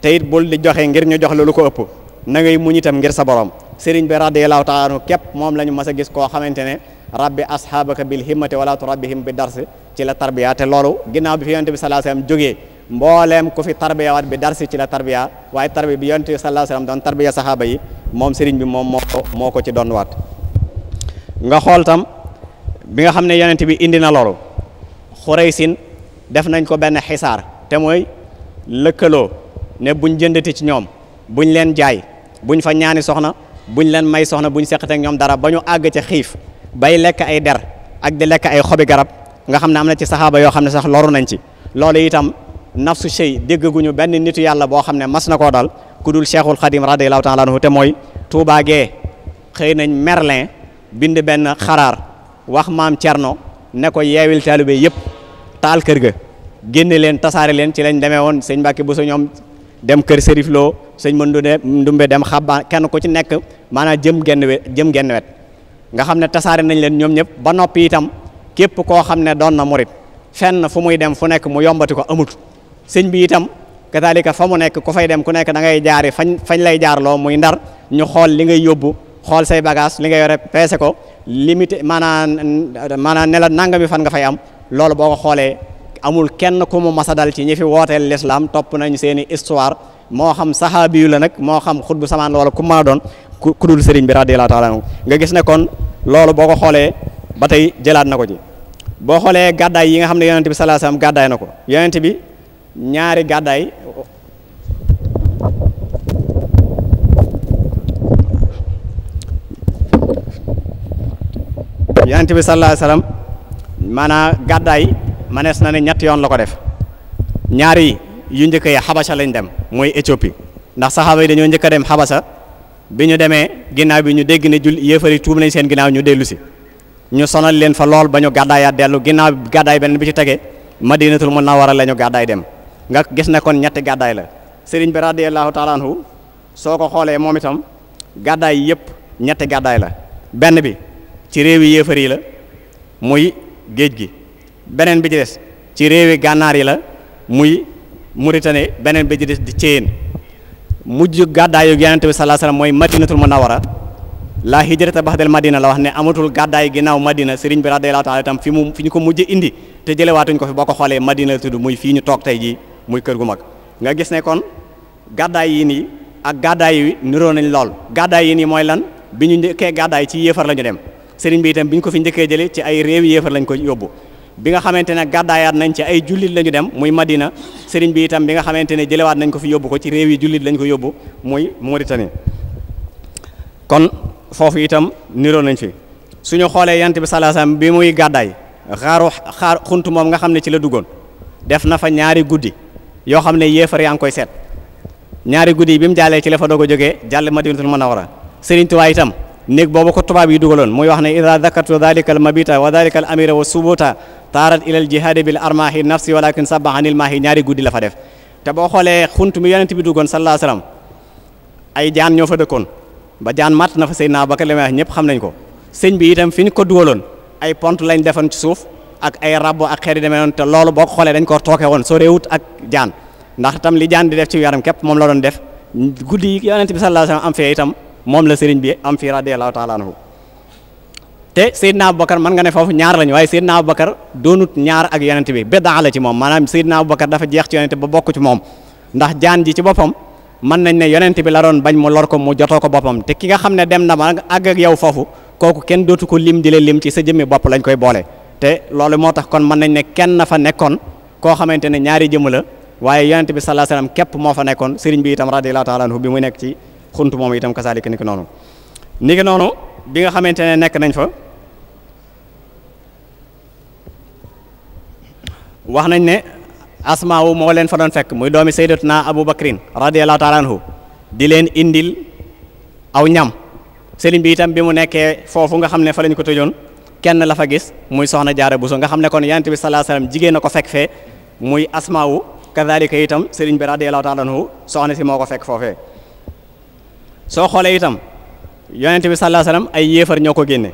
te it bul di joxe ngir ñu jox la lu ko ëpp na ngay muñ itam ngir sa borom sëriñ bi radiyallahu taala anhu képp moom la ñu mas gis koo xamante ne rabbi ashabaka bil himmati wala turabbihim bi darsi ci la tarbiya te loolu ginnaaw bi fi yonent bi laa sa wasallam jógee mbooleem ku fi tarbiyawaat bi darsi ci la tarbiya waaye tarbiya bi yonent bi sallallahu alayhi wasallam doon tarbiya saxaaba yi moom sëriñ bi moom moo ko moo ko ci doon waat nga xool tam bi nga xam ne yonent bi indi na loolu xuraysin def nañ ko benn xisaar te mooy lëkkaloo ne buñ jëndati ci ñoom buñ leen jaay buñ fa ñaani soxna buñ leen may soxna buñ seqateeg ñoom dara ba ñu àgg ca xiif bay lekk ay der ak di lekk ay xobi garab nga xam ne am na ci saxaaba yoo xam ne sax loru nañ ci nafsu sey déggaguñu benn nitu yàlla boo xam ne mas na koo dal ku dul cheikhul xadim radiallahu taala anhu te mooy Touba xëy nañ Merlin bind benn xaraar wax maam Cerno ne ko yeewil taalibe yëpp taal kër ga génne leen tasaare leen ci lañ demee woon sëñ Mbàkke bu sa ñoom dem kër Serif Lo sëñ Mandumbe dumbe dem xabba kenn ku ci nekk maanaam jëm genn wet jëm genn wet nga xam ne tasaare nañ leen ñoom ñëpp ba noppi itam képp koo xam ne doon na murit fenn fu muy dem fu nekk mu yombati ko amut sëñ bi itam kadaalika fa mu nekk ku fay dem ku nekk da ngay jaari fañ fañ lay jaarloo muy ndar ñu xool li ngay yóbbu xool say bagage li ngay yore peese ko limité maanaam maanaam ne la nangami fan nga fay am loolu boo ko xoolee amul kenn ku mu masa dal ci ñu fi wooteel l'islam topp nañ seeni histoire moo xam saxaabi yu la nag moo xam xutbu samaan wala ku mën a doon ku dul sëriñ bi radiyallahu taala anhu nga gis ne kon loolu boo ko xoolee ba tey jëlaat na ko ci boo xoolee gàddaay yi nga xam ne yonent bi sallallahu alayhi gàddaay na ko ñaari gàddaay yonent bi sallallahu alayhi wasallam maanaa gàddaay manees na ne ñetti yoon la ko def ñaari yu njëkk yi xabasa lañ dem mooy Éthiopie ndax saxaaba yi dañoo njëkk a dem xabasa bi ñu demee ginnaaw bi ñu dégg ne jul yéefari tuub nañ seen ginnaaw ñu dellu si ñu sonal leen fa lool ba ñu gàddaayaat dellu ginnaaw gàddaay beneen bi ci tegee tege madinatul munawwara la ñu gàddaay dem nga gis na kon ñetti gàddaay la sëriñ bi radiyallahu taala anhu soo ko xoolee moom itam gàddaay yëpp ñetti gàddaay la benn bi ci réewi yéefar yi la muy géej gi beneen bi ci des ci réewi gànnaar yi la muy Mauritanie beneen bi ci des di Céyeen mujj gàddaayu yonente bi sallallahu alayhi wasallam mooy madinatul munawwara la hijrata ba'dal madina la wax ne amatul gàddaay ginnaaw madina sëriñ bi radiyallahu taala itam fi mu fi ñu ko mujj indi te jëlewaatuñ ko fi boo ko xoolee madina la fii ñu toog tey jii muy kër gu mag nga gis ne kon gàddaay yi nii ak gàddaay yi niroo nañ lool gàddaay yi nii mooy lan bi ñu njëkkee gàddaay ci yéefar la ñu dem sëriñ bi itam bi ñu ko fi njëkkee jëlee ci ay réew yéefar lañ ko yóbbu bi nga xamante ne gàddaayaat nañ ci ay jullit la ñu dem muy Madina sëriñ bi itam bi nga xamante ne jëlewaat nañ ko fi yóbbu ko ci réew yi jullit lañ ko yóbbu muy Mauritanie kon foofu itam niroo nañ fi suñu xoolee yant bi salaasam bi muy gàddaay xaaru xaar xunt moom nga xam ne ci la duggoon def na fa ñaari guddi yoo xam ne yéefar yaa ngi koy seet ñaari guddi yi bi mu jàllee ci la fa doog a jógee jàll madinatul munawwara sëriñ Tuubaa itam néeg boobu ko tubaab yi dugaloon muy wax ne ida dakartu dalika al mabita wa dalika al amira wa subuta taarat ila al jihaadi bil armahi nafsi walakin sabaha anil maahi ñaari guddi la fa def te boo xoolee xunt mi yonent bi duggoon sallallahu alayhi ay jaan ñoo fa dëkkoon ba jaan matt na fa Seydina Abubakar li may wax ñëpp xam nañ ko sëñ bi itam fi ñu ko dugaloon ay pont lañ defoon ci suuf ak ay rabo ak xeet yi demee noonu te loolu boo ko xoolee dañ ko tooke woon soo wut ak jaan ndax tam li jaan di def ci yaram képp moom la doon def guddi yi yonent bi sallallahu alayhi wasallam am fee itam moom la sëriñ bi am fii radiyallahu taala anhu te Seydina Abubakar mën nga ne foofu ñaar lañu waaye Seydina Abubakar doonut ñaar ak yonent bi biddaa la ci moom maanaam Seydina Abubakar dafa jeex ci yonent ba bokk ci moom ndax jaan ji ci boppam mën nañ ne yonent bi la doon bañ mu lor ko mu jotoo ko boppam te ki nga xam na ma àgg ak yow foofu kooku kenn dootu ko lim di la lim ci sa jëmmi bopp lañ koy boole te loolu moo tax kon mën nañ ne kenn na fa nekkoon koo xamante ne ñaari jëmm la waaye yonent bi sallallahu alayhi képp moo fa nekkoon sëriñ bi itam radiyallahu ta'ala anhu bi mu nekk ci xunt moom itam kasaalika niki noonu niki noonu bi nga xamante ne nekk nañ fa wax nañ ne asmaawu moo leen fa doon fekk muy doomi sayyidatuna abu bakrin radiyallahu ta'ala di leen indil aw ñam sëriñ bi itam bi mu nekkee foofu nga xam ne fa lañu ko tëjoon kenn la fa gis muy soxna jaare bu so nga xam ne kon yonent bi sallallahu jigéen a ko fekk fee muy asmaawu kadhalika itam sëriñ bi radiyallahu ta'ala anhu soxna si moo ko fekk foofee soo xoolee itam yonent bi sallallahu ay yéefar ñoo ko génne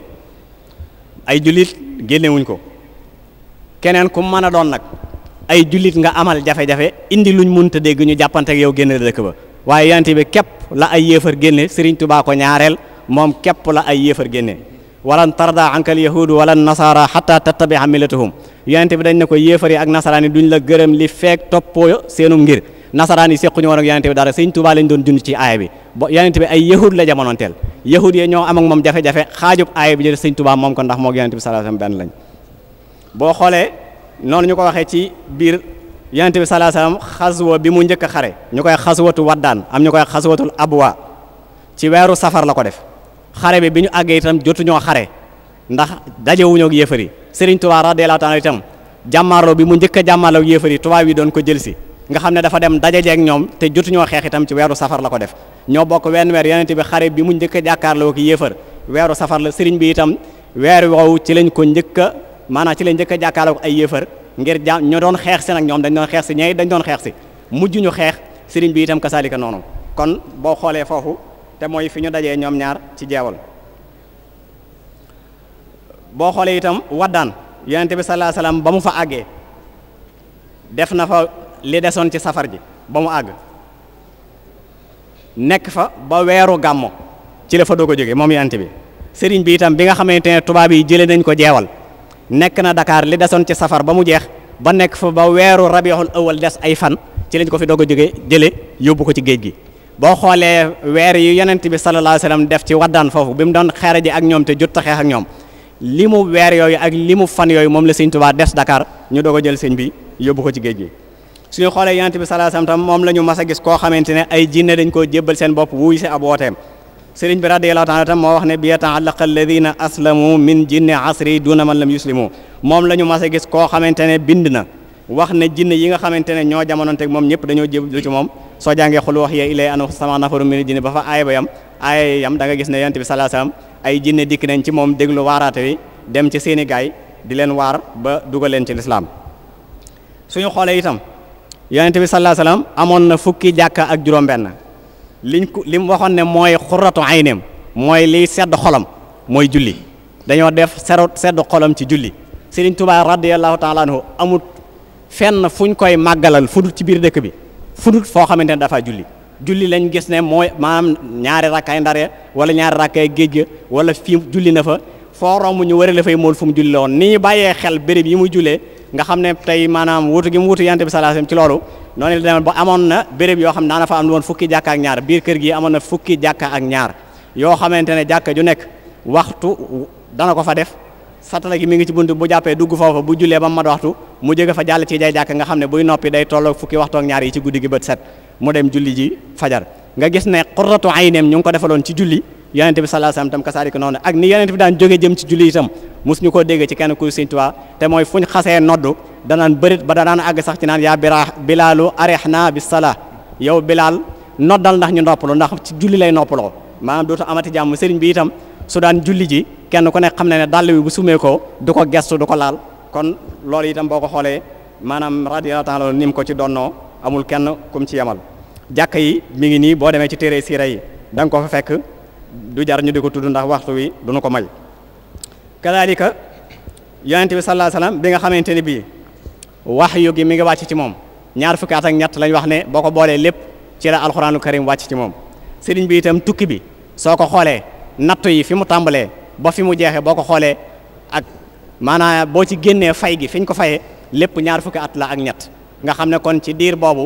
ay jullit génnewuñ ko keneen ku mën a doon nag ay jullit nga amal jafe-jafe indi luñ mënta dégg ñu jàppante yow génne dëkk ba waaye yonent bi képp la ay yéefar génne sëriñ Tuubaa ñaareel moom képp la ay yéefar génne walan tarda anka al yahudu wala nasara xata tattabia millatahum yonente bi dañ ne ko yéefar yi ak nasaraan yi duñ la gërëm li feek toppoo seenum ngir nasaraan yi sequñu woon ak yonente bi dara sëñ Tuubaa lañ doon dund ci aaya bi yonente bi ay yahud la jamonoonteel yahud yi ñoo am ak moom jafe-jafe xaajub aaya bi jël sëñ Tuubaa moom ko ndax moog yonente bi sallallahu alayhi benn lañ boo xoolee noonu ñu ko waxee ci biir yonente bi sallallahu alayhi wasallam xaswa bi mu njëkk a xare ñu koy xaswatu waddaan am ñu koy xaswatul abwa ci weeru safar la ko def xare bi bi ñu àggee itam jotuñoo xare ndax dajewuñoo ak yéefar yi Sëriñ Tuubaa radiyallaahu taala itam jàmmaarloo bi mu njëkk a jàmmaarloo ak yéefar tubaab yi doon ko jël si nga xam ne dafa dem dajaje ak ñoom te ñoo xeex itam ci weeru safar la ko def ñoo bokk wenn weer yonent bi xare bi mu njëkk a jàkkaarloo ak weeru safar la sëriñ bi itam weer woowu ci lañ ko njëkk a maanaam ci lañ njëkk a ay yéefar ngir ja ñoo doon xeex si nag ñoom dañ doon xeex si ñeey dañ doon xeex si mujj ñu xeex sëriñ bi itam kasaalika noonu kon boo xoolee te mooy fi ñu dajee ñoom ñaar ci jeewal boo xoolee itam waddaan yonente bi sallallahu ba mu fa àggee def na fa li desoon ci safar ji ba mu àgg nekk fa ba weeru gàmmo ci la fa doog a jógee moom yonente bi sëriñ bi itam bi nga xamante ne tubaab yi jëlee nañ ko jeewal nekk na dakaar li desoon ci safar ba mu jeex ba nekk fa ba weeru rabiul awal des ay fan ci lañ ko fi doog a jógee jële yóbbu ko ci géej gi boo xoolee weer yi yonent bi sallallahu alayhi wa def ci waddaan foofu bi mu doon xare ji ak ñoom te jot xeex ak ñoom li mu weer yooyu ak li mu fan yooyu moom la sëñ Tuubaa des Dakar ñu doog a jël sëñ bi yóbbu ko ci géej gi suñu xoolee yonent bi sallallahu alayhi wa tam moom la ñu mas a gis koo xamante ne ay jinne dañ koo jébbal seen bopp wuy si ab wooteem sëriñ bi radiyallahu taala tam moo wax ne bi yata'allaqa alladina aslamu min jinni asri duna man lam yuslimu moom la ñu mas a gis koo xamante ne bind na wax ne jinne yi nga xamante ne ñoo jamononteeg moom ñëpp dañoo jéblu ci moom soo jàngee xul wax yee ilay an sama nafaru min jinne ba fa aaya ba yam aaya yam da nga gis ne yonent bi sallallahu alayhi wasallam ay jinne dikk nañ ci moom déglu waaraate wi dem ci seeni gaay di leen waar ba dugal leen ci lislaam suñu xoolee itam yonent bi sallallahu alayhi wasallam amoon na fukki jàkka ak juróom-benn liñ ko li mu waxoon ne mooy xurratu ayneem mooy liy sedd xolam mooy julli dañoo def seru sedd xolam ci julli fenn fuñ koy màggalal fudut ci biir dëkk bi fudut foo xamante ne dafa julli julli lañ gis ne mooy maanaam ñaari rakkaay ndare wala ñaari rakk rakkaay géej ga wala fii julli na fa foo romb ñu waree la fay mool fu mu julli la woon ni ñu bàyyee xel béréb yi mu julee nga xam ne tey maanaam wutu gi mu wutu yante bi salaasam ci loolu noonu la demee ba amoon na béréb yoo xam ne daana fa am fukki jàkka ak ñaar biir kër gi amoon na fukki jàkka ak ñaar yoo xamante ne jàkka ju nekk waxtu dana ko fa def satala gi mi ngi ci buntu bu jàppee dugg foofa bu jullee ba mat waxtu mu jóge fa jàll ci jay jàkk nga xam ne buy noppi day tolloog fukki waxtu ak ñaar yi ci guddi gi bët set mu dem julli ji fajar nga gis ne qurratu ayneem ñu ngi ko defaloon ci julli yonente bi sallallahu alayhi wasallam tam kasaari ko noonu ak ni yonente bi daan jóge koo dégg ci kenn kuy Sëriñ Tuubaa te mooy fuñ xasee noddu danaan bërit ba danaan àgg sax ci naan yaa bira bilaalu arihna bis sala yow bilaal noddal ndax ñu noppalu ndax ci julli lay noppaloo maanaam dootu amati jàmm sëriñ bi itam su julli ji kenn ku nekk xam ne ne dàll bi bu sumee ko du ko gestu du ko laal kon loolu itam boo ko xoolee maanaam radiyallahu taala ni mu ko ci doon noo amul kenn kum ci yemal jàkk yi mi ngi nii boo demee ci téere siira yi danga nga ko fa fekk du jar ñu di ko tudd ndax waxtu wi du nu ko may kadaalika yonente bi sallallahu alayhi wasallam bi nga xamante ni bii wahyu yi mi ngi wàcc ci moom ñaar fukki at ak ñett lañ wax ne boo ko boolee lépp ci la alxuraanul karim wàcc ci moom sëriñ bi itam tukki bi soo ko xoolee nattu yi fi mu tàmbalee boo fi mu jeexee boo ko xoolee ak maanaam boo ci génnee fay gi fi ko fayee lépp ñaar fukki at la ak ñett nga xam ne kon ci diir boobu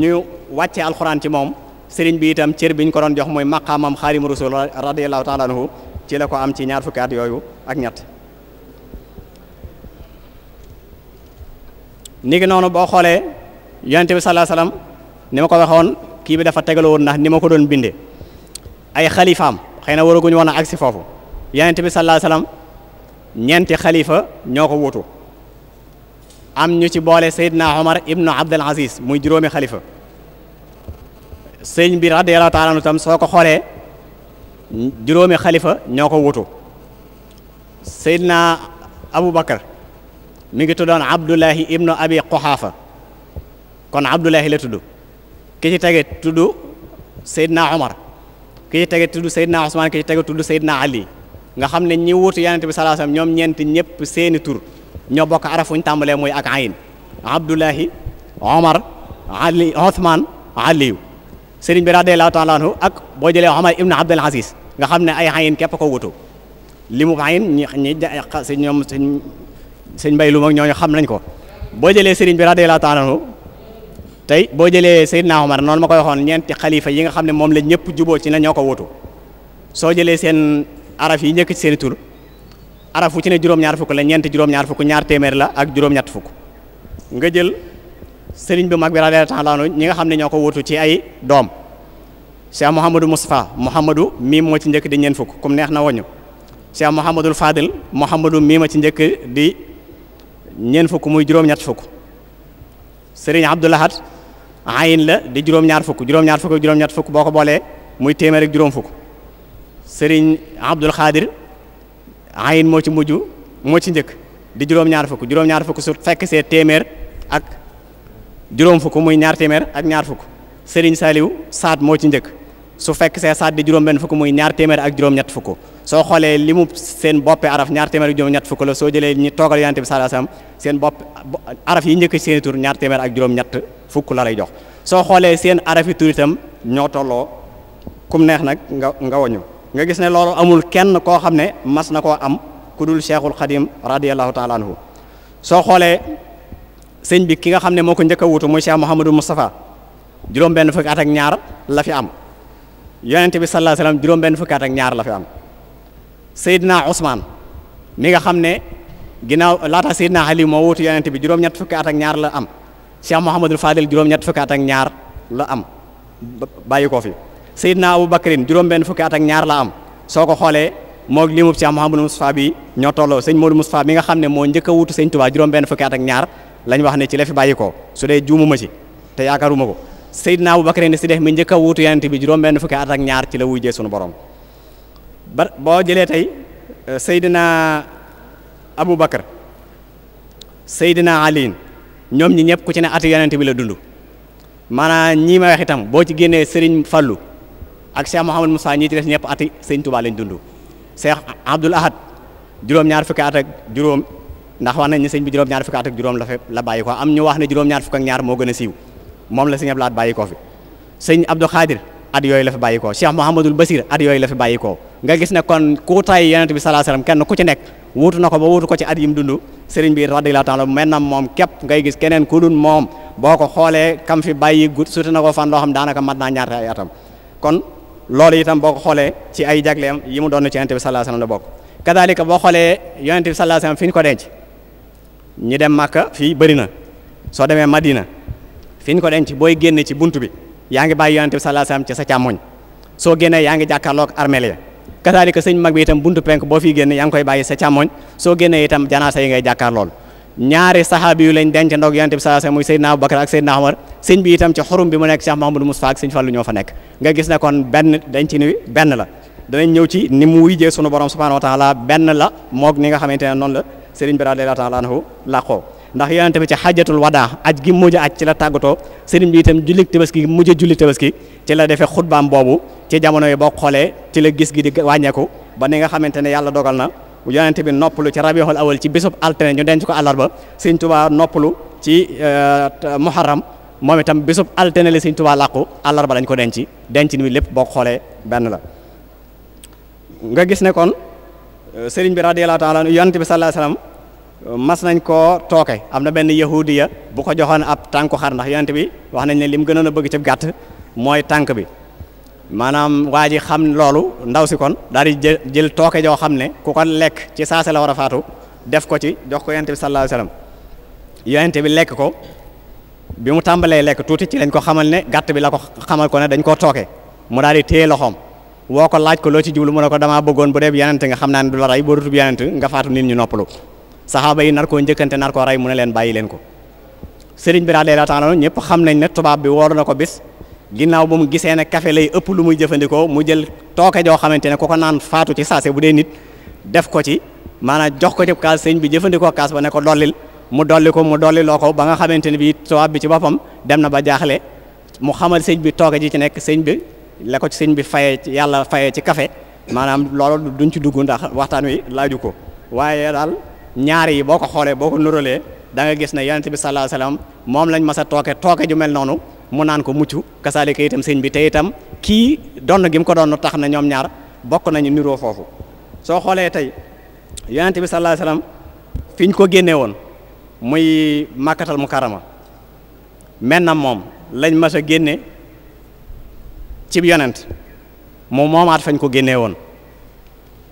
ñu wàccee alxuraan ci moom sëriñ bi itam cër bi ñu ko doon jox muy maqaamam xaadimu rasul radiyallahu taala anhu ci la ko am ci ñaar fukki at yooyu ak ñett. ni noonu boo xoolee yonente bi salaa salaam ni ma ko waxoon kii bi dafa tegaloo woon ndax ni ma ko doon bindee ay xalifaam xëy na waraguñu woon ak si foofu. yonent bi sallallahu alayhi ñeenti xalifa ñoo ko wutu am ñu ci boole Seydina Omar ibnu Abdul Aziz muy juróomi xalifa sëñ bi radiyallahu taala soo ko xoolee juróomi xalifa ñoo ko wutu Seydina Aboubacar mi ngi tuddoon Abdullahi ibnu Abi Quhafa kon Abdullahi la tudd ki ci tege tudd Seydina Omar ki ci tege tudd Seydina Ousmane ki ci tege Seydina Ali nga xam ne ñi wuutu yonent bi sallallahu alayhi wasallam ñoom ñeenti ñëpp seeni tur ñoo bokk arafuñ tàmbalee muy ak ayin abdullahi omar ali othman aliyu sëriñ bi radiyallahu taala anhu ak boo jëlee omar ibnu abdul aziz nga xam ne ay ayin képp ko wutu li mu ayin ñi ñi si ñoom sëñ sëñ mbay lu mag ñooñu xam nañ ko boo jëlee sëriñ bi radiyallahu taala anhu tey boo jëlee Seydina Omar noonu ma koy waxoon ñeenti xalifa yi nga xam ne moom la ñëpp juboo ci ne ñoo ko wutu soo jëlee araf yi njëkk ci seen tur araf wu ci ne juróom-ñaar fukk la ñeent juróom-ñaar fukk ñaar téeméer la ak juróom-ñett fukk nga jël sëriñ bi mag bi radiyallahu ta'ala anhu ñi nga xam ne ñoo ko wutu ci ay doom Cheikh Mouhamadou Moustapha Mouhamadou mii moo ci njëkk di ñeen fukk comme neex na woñu Cheikh Mouhamadul Fadil Mouhamadou mii ci njëkk di ñeent fukk muy juróom-ñett fukk sëriñ Abdoulahat ayin la di juróom-ñaar fukk juróom-ñaar fukk juróom-ñett boo ko boolee muy téeméer juróom fukk sëriñ Abdul Xaadir ayin moo ci mujj moo ci njëkk di juróom-ñaar fukk juróom-ñaar fukk su fekk see téeméer ak juróom fukk muy ñaar téeméer ak ñaar fukk sëriñ Saliou saat moo ci njëkk su fekk see juróom benn fukk muy ñaar téeméer ak juróom-ñett fukk soo xoolee li mu seen boppe araf ñaar téeméer juróom-ñett fukk la soo jëlee ñi toogal yonent bi sallallahu alayhi wasallam seen bopp araf yi njëkk seen tur ñaar téeméer ak juróom-ñett fukk la lay jox soo xoolee seen araf yi tur itam ñoo tolloo kum neex nag nga nga woñu nga gis ne loolu amul kenn koo xam ne mas na koo am ku dul cheikhul xadim radiallahu taala anhu soo xoolee sëñ bi ki nga xam ne moo ko njëkk a wutu muy cheikh mouhamadou moustapha juróom benn fukki at ñaar la fi am yonente bi sallallahu alayhi wasallam juróom benn la fi am seydina ousmane mi nga xam ne ginaaw laata seydina ali moo wutu yonente bi juróom-ñett fukki at ñaar la am cheikh mouhamadou fadil juróom-ñett fukki at ak ñaar la am bàyyi koo fi Seydina Abu Bakrin juróom-benn fukki atak ñaar la am soo ko xoolee moo limub Cheikh nu Moustapha bi ñoo tolloo sëñ Modou Moustapha bi nga xam ne moo njëkk a wuutu sëñ Touba juróom-benn fukki at ñaar lañ wax ne ci la fi bàyyi ko su dee juumuma ci te yaakaaruma ko Seydina Abu Bakrin Siddiq mi njëkk a wuutu yonent bi juróom-benn fukki at ak ñaar ci la wujjee sunu borom boo jëlee tey euh, Seydina Abu Bakar Seydina Aliin ñoom ñi ñëpp ku ci ne at yonent bi la dund maanaam ñii ma wax itam boo ci génnee Serigne Fallou ak Cheikh Mouhamad Moussa ñii ci des ñëpp ati sëñ Touba lañ dund Cheikh Abdoul Ahad juróom-ñaar fukki at juróom ndax wax nañ ne sëñ bi juróom-ñaar fukki at ak juróom la fa la bàyyi ko am ñu wax na juróom-ñaar fukk ak ñaar moo gën a siiw moom la sëñ Abdoul Ahad bàyyi ko fi sëñ Abdou Khadir at yooyu la fi bàyyi ko Cheikh Mouhamadul Basir at yooyu la fi bàyyi nga gis ne kon kuutaay yonent bi sallallahu alayhi wasallam kenn ku ci nekk wuutu na ko ba wuutu ko ci at yim dund sëriñ bi radiyallahu ta'ala maintenant moom képp ngay gis keneen ku dul moom boo ko xoolee kam fi bàyyi gut suuti na ko fan loo xam daanaka mat naa ñaata ay loolu itam boo ko xoolee ci ay jagleem yi mu doon ci yonent bi sallallahu alayhi wasallam la bokk kadaalika boo xoolee yonent bi sallallahu alayhi fi ñu ko denc ñi dem Makka fii bëri na soo demee Madina fi ñu ko denc booy génne ci bunt bi yaa ngi bàyyi yonent bi sallallahu alayhi ci sa càmmoñ soo génnee yaa ngi jàkkaarloog armeel ya kadaalika sañ mag bi itam buntu penk boo fi génne yaa ngi koy bàyyi sa càmmoñ soo génnee itam janaasa yi ngay jàkkaar lool ñaari saxaabi yu lañ denc ndoog yonent bi sallallahu alayhi wasallam muy Seydina Abubakar ak Seydina Umar sëñ bi itam ci xurum bi mu nekk Cheikh Mahamadou Moustapha ak benn denc ni ñëw ci ni mu wuyjee sunu borom subhanahu wa taala benn la moog ni nga xamante ne noon la sëriñ bi radiyallahu taala anhu làqoo ndax yonente bi ci xajatul wadaa aj gi mujj aj ci la tàggatoo sëriñ bi itam julli tabaski mujj julli tabaski ci la defee xutbaam boobu ci jamono yi boo xoolee ci la gis gi di wàññeeku ba ni nga xamante ne yàlla dogal na bu yonente bi noppalu ci rabiixul awal ci bésub altine ñu denc ko àllarba sëñ Tuubaa noppalu ci eh, muharram moom itam bésub altine la sëñ Tuubaa làqu àllarba lañ ko denc dencin wi lépp boo xoolee benn la nga gis ne kon eh, sëriñ bi radiyallahu taala yonente bi sallallahu mas nañ ko tooke am na benn yahudiya bu ko joxoon ab tànku xar ndax yonent bi wax nañ ne lim gënoon a bëgg ci gàtt mooy tànk bi maanaam waa ji xam loolu ndaw si kon daal di jël jël tooke joo xam ne ku kon lekk ci saase la war a faatu def ko ci jox ko yonent bi sallallahu alayhi wasallam yonent bi lekk ko bi mu tàmbalee lekk tuuti ci lañ ko xamal ne gàtt bi la ko xamal ko ne dañ koo tooke mu daal di téye loxoom woo ko laaj ko loo ci jublu mu ne ko damaa bëggoon bu dee yonent nga xam naa ne du la rey boo dutub yonent nga faatu nit ñu noppalu saxaaba yi nar koo njëkkante nar koo rey mu ne leen bàyyi leen ko sëriñ bi radiyallahu ta'ala ñëpp xam nañ ne tubaab bi wóor na ko bis ginnaaw ba mu gisee ne café lay ëpp lu muy jëfandikoo mu jël tooke joo xamante ne ku ko naan faatu ci saase bu dee nit def ko ci maanaam jox ko ci kaas sëñ bi jëfandikoo kaas ba ne ko dollil mu dolli ko mu dolli ko ba nga xamante ne bii tubaab bi ci boppam dem na ba jaaxle mu xamal sëñ bi tooke ji ci nekk sëñ bi la sëñ bi fayee yàlla fayee ci kafe maanaam loolu duñ ci dugg ndax waxtaan wi laaju ko waaye daal ñaar yi boo ko xoolee boo ko nuralee da nga gis ne yant bi sallallahu alayhi wasallam moom lañ mas a tooke tooke ju mel noonu mu naan ko mucc kasaalika itam sëñ bi te itam kii donn gi mu ko doon tax na ñoom ñaar bokk nañu niroo foofu soo xoolee tey yonente bi sallallahu alayhi wasallam fi ñu ko génnee woon muy màkkatal mu karama men na moom lañ mas a génne cib yonent mu moomaat fañ ko génnee woon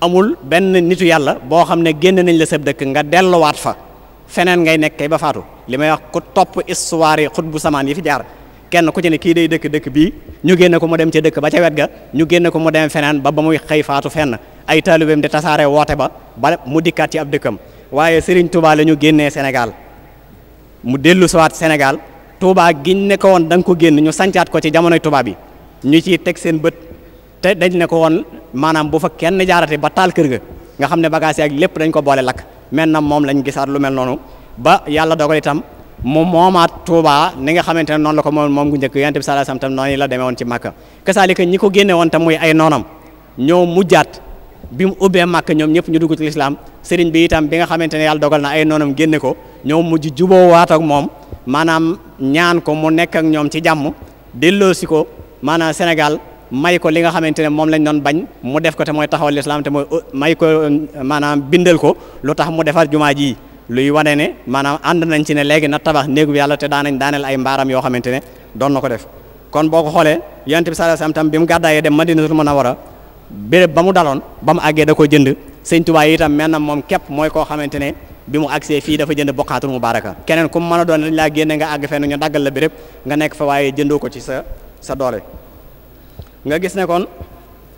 amul benn nitu yàlla boo xam ne génn nañ la sab dëkk nga delluwaat fa feneen ngay nekk kay ba faatu li may wax ku topp histoire yi xut bu samaan yi fi jaar kenn ku ci ne kii day dëkk dëkk bii ñu génne ko mu dem ca dëkk ba ca wet ga ñu génn ko mu dem feneen ba ba muy xëy faatu fenn ay taalibeem di tasaare woote ba ba mu dikkaat ci ab dëkkam waaye Serigne Touba la ñu génnee Sénégal mu dellu siwaat Sénégal Touba giñ ne ko woon da nga ko génn ñu sancaat ko ci jamonoy tubaab yi ñu ciy teg seen bët te dañ ne ko woon maanaam bu fa kenn jaarate ba taal kër ga nga xam ne bagage yi ak lépp dañ ko boole lakk maintenant moom lañ gisaat lu mel noonu ba mu moomaat Touba ni nga xamante ne noonu la ko moom moom gu njëkk yonent bi sallallahu alayhi wasallam tam noonu la demee woon ci Makka kasaalika ñi ko génne woon tam muy ay noonam mu mujjaat bi mu ubbee Makka ñoom ñëpp ñu dugg ci lislaam sëriñ bi itam bi nga xamante ne yàlla dogal na ay noonam génne ko ñoo mujj juboo waat ak moom maanaam ñaan ko mu nekk ak ñoom ci jàmm delloosi ko maanaam Sénégal may ko li nga xamante ne moom lañ doon bañ mu def ko te mooy taxawal lislaam te may ko maanaam bindal ko lu tax mu defar jumaa ji luy wane ne maanaam ànd nañ ci ne léegi na tabax néegu yàlla te daanañ daaneel ay mbaaram yoo xamante ne doon na ko def kon boo ko xoolee yonent bi sallallahu alayhi tam bi mu gàddaayee dem Madinatul Munawwara béréb ba mu daloon ba mu àggee da ko jënd sëñ itam mel na moom képp mooy koo xamante ne bi mu agsee fii dafa jënd boqaatul mubaaraka keneen ku mu a doon dañ laa génne nga àgg fenn ñu daggal la béréb nga nekk fa waaye jëndoo ko ci sa sa doole nga gis ne kon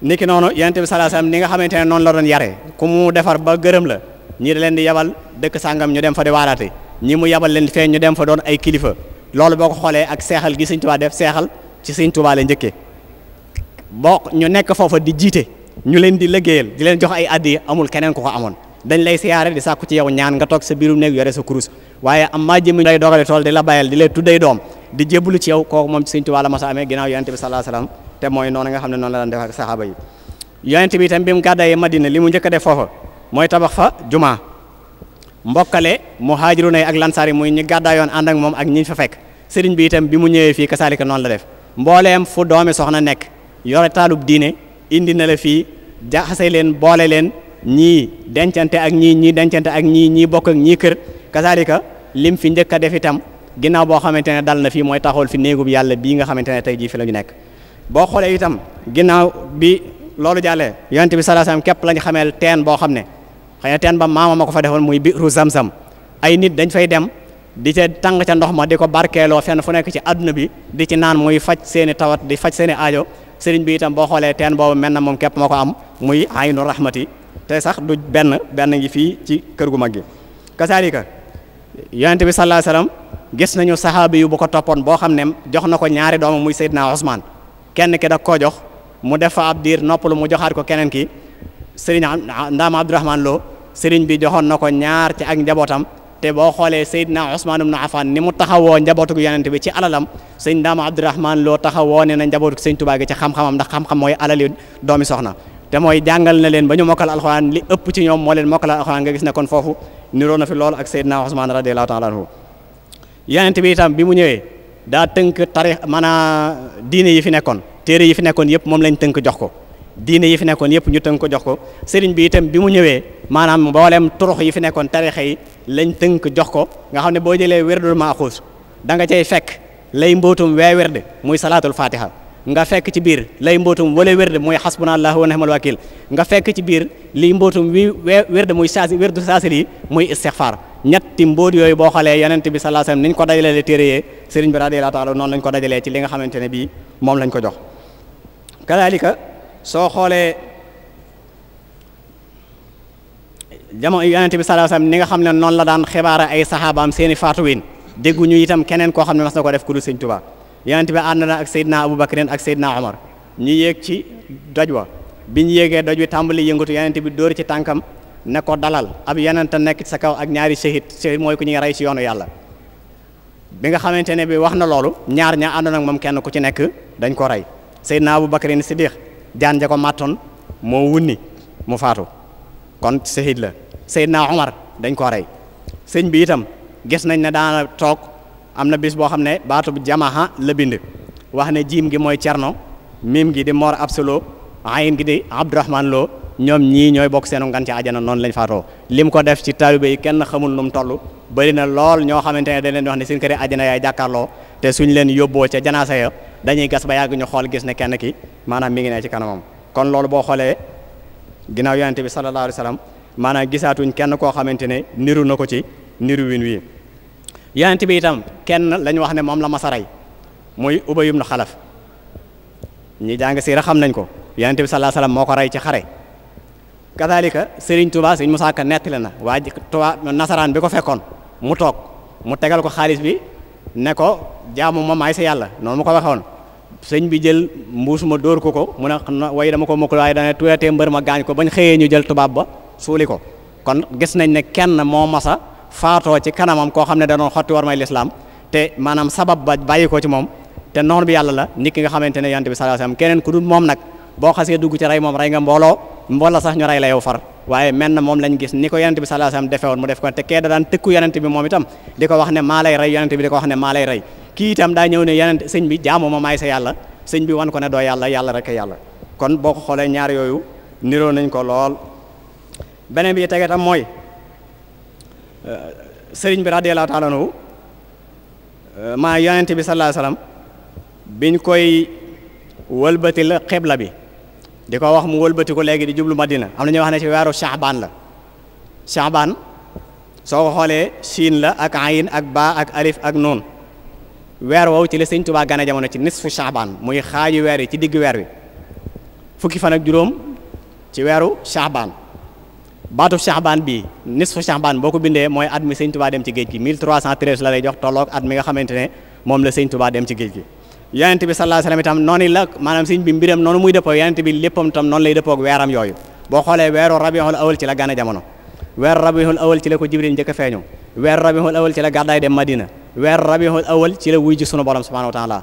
niki noonu yonent bi sallallahu alayhi wasallam ni nga xamante ne noonu la doon yaree ku mu defar ba gërëm la ñii da leen di yabal dëkk sàngam ñu dem fa di waaraate ñi mu yabal leen feeñ ñu dem fa doon ay kilifa loolu boo ko xoolee ak seexal gi sëñ Tuubaa def seexal ci sëñ Tuubaa la njëkkee boo ñu nekk foofa di jiite ñu leen di liggéeyal di leen jox ay addi amul keneen ku ko amoon dañ lay siyaare di sàkku ci yow ñaan nga toog sa biirum néeg yore sa kurus waaye am maa jëmi lay dogale tool di la bayal di lee tudday doom di jébbalu ci yow kooku moom ci sëñ Tuubaa la a amee ginnaaw yonente bi sallallahu alayhi mooy noonu nga xam ne noonu la daan def ak saxaaba yi yonente bi itam bi mu gàddaayee li mu njëkk def foofa mooy tabax fa jumaa mbokkale muhaajiruna yi ak lansaar yi muy ñi gàddaayoon ànd ak moom ak ñii fa fekk sëriñ bi itam bi mu ñëwee fii kasaalika noonu la def mbooleem fu doomi soxna nekk yore taalub diine indi na la fii jaxase leen boole leen ñii dencante ak ñii ñii dencante ak ñii ñii bokk ak ñii kër kasaalika lim fi njëkk a def itam ginnaaw boo xamante ne dal na fii mooy taxawal fi néegub yàlla bii nga xamante ne tey jii fi la ñu nekk boo xoolee itam ginnaaw bi loolu jàllee yonent bi sallallahu alayhi wasallam képp lañ xameel teen boo xam ne xëy na teen ba maama ma ko fa defoon muy biiru zamzam ay nit dañ fay dem di ca tàng ca ndox ma di ko barkeeloo fenn fu nekk ci àdduna bi di ci naan muy faj seeni tawat di faj seeni aajo sëriñ bi itam boo xoolee teen boobu mel na moom képp moo ko am muy aynu rahmati te sax du benn benn ngi fii ci kër gu mag gi kasaalika yonente bi sallallahu gis nañu saxaabi bu ko toppoon boo xam ne jox na ko ñaari doomam muy Seydina Ousmane kenn ki da koo jox mu def diir noppalu mu joxaat ko keneen ki sëriñ Ndaam Abdourahmane Lo sëriñ bi joxoon na ko ñaar ci ak njabootam te boo xoolee Seydina Ousmane ibnu Affan ni mu taxawoo njabootu yonent bi ci alalam sëñ daama Abdourahman loo taxawoo ne na njabootu sëñ gi ci xam-xamam ndax xam-xam mooy alali doomi soxna te mooy jàngal na leen ba ñu mokkal alxuraan li ëpp ci ñoom moo leen mokkal alxuraan nga gis ne kon foofu niroo na fi lool ak Seydina Ousmane radiyallahu taala anhu yonent bi itam bi mu ñëwee daa tënk tarix maanaam diine yi fi nekkoon téere yi fi nekkoon yëpp moom lañ tënk jox ko diine yi fi nekkoon yëpp ñu tënk ko jox ko sëriñ bi itam bi mu ñëwee maanaam mboolem turux yi fi nekkoon tarixa yi lañ tënk jox ko nga xam ne boo jëlee wérdul maaxuus da nga cay fekk lay mbootum wee wérd muy salaatul fatiha nga fekk ci biir lay mbootum wala wérd muy xasbunallahu wa ni'mal wakil nga fekk ci biir liy mbootum wi wee wérd muy saasi wérdu saasir yi muy istixfaar ñetti mbóot yooyu boo xoolee yonent bi sallallahu alayhi wasallam ni ñu ko dajalee téere yee sëriñ bi radiyallahu ta'ala noon lañ ko dajalee ci li nga xamante ne bii moom lañ ko jox soo xoolee jamono yonente bi sallallahu alayhi wasallam ni nga xam ne noonu la daan xibaara ay saxaabaam seeni faatuwin dégguñu itam keneen koo xam ne mas ko def ku dul sëñ Tuubaa yonente bi ànd na ak Seydina Abu Bakrin ak Seydina Omar ñu yéeg ci doj wa bi ñu yéegee doj wi tàmbali yëngatu yonente bi dóor ci tànkam ne ko dalal ab yonente nekk sa kaw ak ñaari shahid shahid mooy ku ñuy rey ci yoonu yàlla bi nga xamante ne bi wax na loolu ñaar ñaa àndoon moom kenn ku ci nekk dañ ko rey Seydina Abu Bakrin Siddiq jaan ja mattoon màttoon moo wunni mu faatu kon sahid la naa Omar dañ ko rey sëñ bi itam gis nañ ne daana toog am na bis boo xam ne baatu bu jamaha la bind wax ne jiim gi mooy Cerno miim gi di Mor Absolo ayin gi di Abdourahman Lo ñoom ñii ñooy bokk seenu ngan ci àjjana noonu lañ faatoo lim ko def ci taalibe yi kenn xamul nu mu toll bëri na lool ñoo xamante ne dañ leen wax ne seen këri àjjana yaay jàkkaarloo te suñ leen yóbboo ca janaasa ya dañuy gas ba yàgg ñu xool gis ne kenn ki maanaam mi ngi ne ci kanamam kon lool boo xoolee ginnaaw yonent bi sallallahu alayhi wa sallam gisaatuñ kenn koo xamante ne niru na ko ci niru win wii yonent bi itam kenn lañ wax ne moom la masaray muy Ubay na Xalaf ñi jàng siira xam nañ ko yonent bi sallallahu alayhi wa moo ko rey ci xare kadalika sëriñ Touba Serigne Moussa Ka nettali na waa ji Touba nasaraan bi ko fekkoon mu toog mu tegal ko xaalis bi ne ko jaamu ma maay sa yàlla noonu ma ko waxee woon sëñ bi jël mbuus ma dóor ko ko mun ne xam na waaye dama ko mokkul waaye dana tuyaatee mbër ma gaañ ko bañ xëyee ñu jël tubaab ba suuli ko kon gis nañ ne kenn moo masa faatoo ci kanamam koo xam ne danoon xotti war may lislaam te maanaam sabab ba bàyyi ko ci moom te noonu bi yàlla la nit ki nga xamante ne yant bi sallallahu alayhi keneen ku dul moom nag boo xasee dugg ci rey moom rey nga mbooloo mboola sax ñu rey la yow far waaye menn moom lañ gis ni ko yonent bi sallallahu alayhi wasallam defewoon mu def ko te kee da daan tëkku yonent bi moom itam di ko wax ne maa lay rey yonent bi di ko wax ne maa lay rey kii itam daa ñëw ne yonent sëñ bi jaamu ma maay sa yàlla sëñ bi wan ko ne doo yàlla yàlla rek yàlla kon boo ko xoolee ñaar yooyu niroo nañ ko lool beneen bi tege tam mooy euh, sëriñ bi radiyallahu ta'ala anhu euh, maa yonent bi sallallahu alayhi wasallam koy wëlbatil xibla bi di ko wax mu wëlbati ko léegi di jublu dina am na ñuy wax ne ci weeru Shaaban la Shaaban soo ko xoolee siin la ak ayin ak baa ak alif ak noon weer woowu ci la sëñ Tuubaa gane jamono ci nisfu Shaaban muy xaaju weer yi ci digg weer wi fukki fan ak juróom ci weeru Shaaban baatu Shaaban bi nisfu Shaaban boo ko bindee mooy at mi sëñ Tuubaa dem ci géej gi 1313 la lay jox tolloog at mi nga xamante ne moom la sëñ Tuubaa dem ci géej gi yonent bi sallallahu alayhi wa sallam itam noonu la maanaam sëñ bi mbiram noonu muy dëppoo yonent bi léppam itam noonu lay dëppoo ak weeram yooyu boo xoolee weeru rabiul awal ci la gane jamono weer rabiul awal ci la a feeñu weer rabiul awal ci la gàddaay dem madina weer rabiul awal wuy ji sunu borom subhanahu wa taala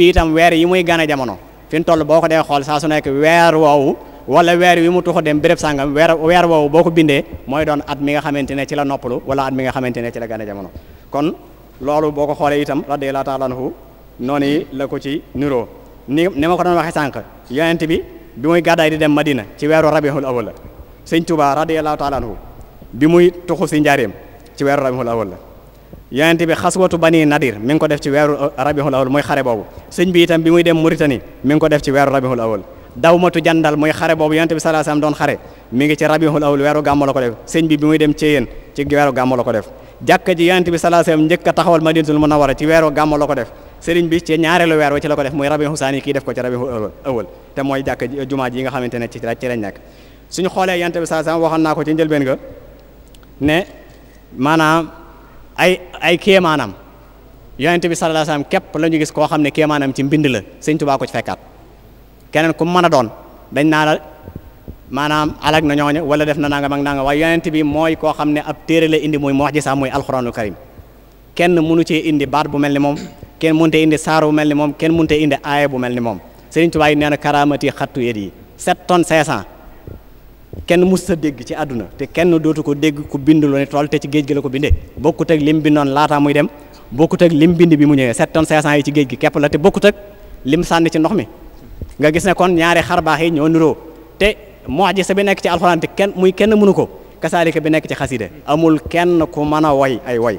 bi itam weer yi muy gane jamono fi mu boo ko dee xool saa su nekk weer woowu wala weer wi mu tuxu dem béréb sàngam weer woowu boo ko bindee mooy doon at mi nga xamante ne ci la noppalu wala at mi nga xamante ne ci la gane jamono kon loolu boo ko xoolee itam radiyallahu taala anhu noonu yi la ko ci nuroo ni ni ma ko doon waxee sànq yonent bi bi muy gàddaay di dem Madina ci weeru rabiul awal la sëñ Touba radiyallahu taala anhu bi muy tuxu si njaareem ci weeru rabiul awal la yonent bi xaswatu bani nadir mi ngi ko def ci weeru uh, rabiul awal mooy xare boobu sëñ bi itam bi muy dem Mauritanie mi ngi ko def ci weeru rabiul awal dawmatu jandal muy xare boobu yonent bi sallallahu alayhi wasallam doon xare mi ngi ci rabiul awal weeru gàmmu la ko def sëñ bi bi muy dem Thiéyène ci ko def jàkka ji bi sallallahu alayhi wasallam njëkk a taxawal madinatul ci weeru gàmmu la ko def sëriñ bi ci ñaareelu weer wa ci la ko def muy rabiu saani kii def ko ci rabiu awal te mooy jàkk jumaa ji nga xamante ne ci ci lañ suñu xoolee yonent bi sallallahu alayhi wasallam waxoon naa ko ci njëlbeen nga ne maanaam ay ay kéemaanam yonent bi sallallahu alayhi képp la ñu gis koo xam ne kéemaanam ci mbind la sëñ ko ci fekkaat keneen ku mën a doon dañ naa la maanaam alag na ñooña wala def na nangam ak nangam waaye yonent bi mooy koo xam ne ab téere la indi muy mu'jiza muy alxuraanul karim kenn mënu ci indi baat bu mel ni moom kenn mun a indi saar bu mel ni moom kenn mënut a indi aaya bu mel ni moom Sëriñ Tuubaa yi nee na karaamati xattu yet yi sept ton cinq cent kenn mus sa dégg ci àdduna te kenn dootu ko dégg ku bind lu ne tool te ci géej gi la ko bindee bokkut ak lim bindoon laataa muy dem bokkut ak lim bind mu ñëwee sept tonnes cinq cent yi ci géej gi képp te bokkut ak lim sànni ci ndox mi nga gis ne kon ñaari xar baax yi ñoo niroo te mu'jiza bi nekk ci alxuraan te kenn muy kenn munu ko kasaalika bi nekk ci xasida amul kenn ku mën a woy ay woy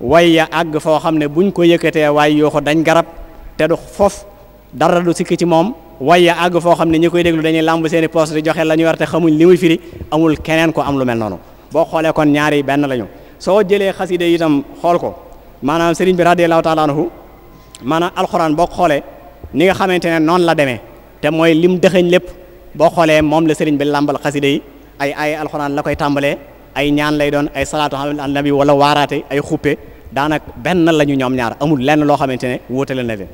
way ya àgg foo xam ne buñ koy yëkkatee waay yoo ko dañ garab te du foofu dara du sikki ci moom way àgg foo xam ne ñi koy déglu dañuy làmb seen i poste di joxe la ñu war te xamuñ li muy firi amul keneen ko am lu mel noonu boo xoolee kon ñaari benn lañu soo jëlee xasida itam xool ko maanaam sëriñ bi radiyallahu taala anhu maanaam alxuraan boo xoolee ni nga xamante ne noonu la demee te mooy lim dëxëñ lépp boo xoolee moom la sëriñ bi làmbal xasida yi ay ay alxuraan la koy tàmbalee. ay ñaan lay doon ay salaato salaatu na nabi wala waaraate ay xuppe daanak benn la ñu ñoom ñaar amul lenn loo xamante ne wóotale na leen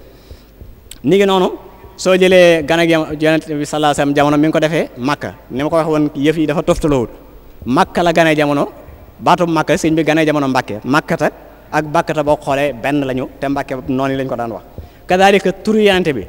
ni ngi noonu soo jëlee gana ak yonent bi sallallahu alayhi jamono mi ngi ko defee makka ni ma ko wax woon yëf yi dafa toftaloowul makka la ganee jamono baatu makka sëñ bi ganee jamono mbàkke makkata ak bàkkata boo xoolee benn lañu te mbàkke noonu lañ ko daan wax kadaalika turu yonent bi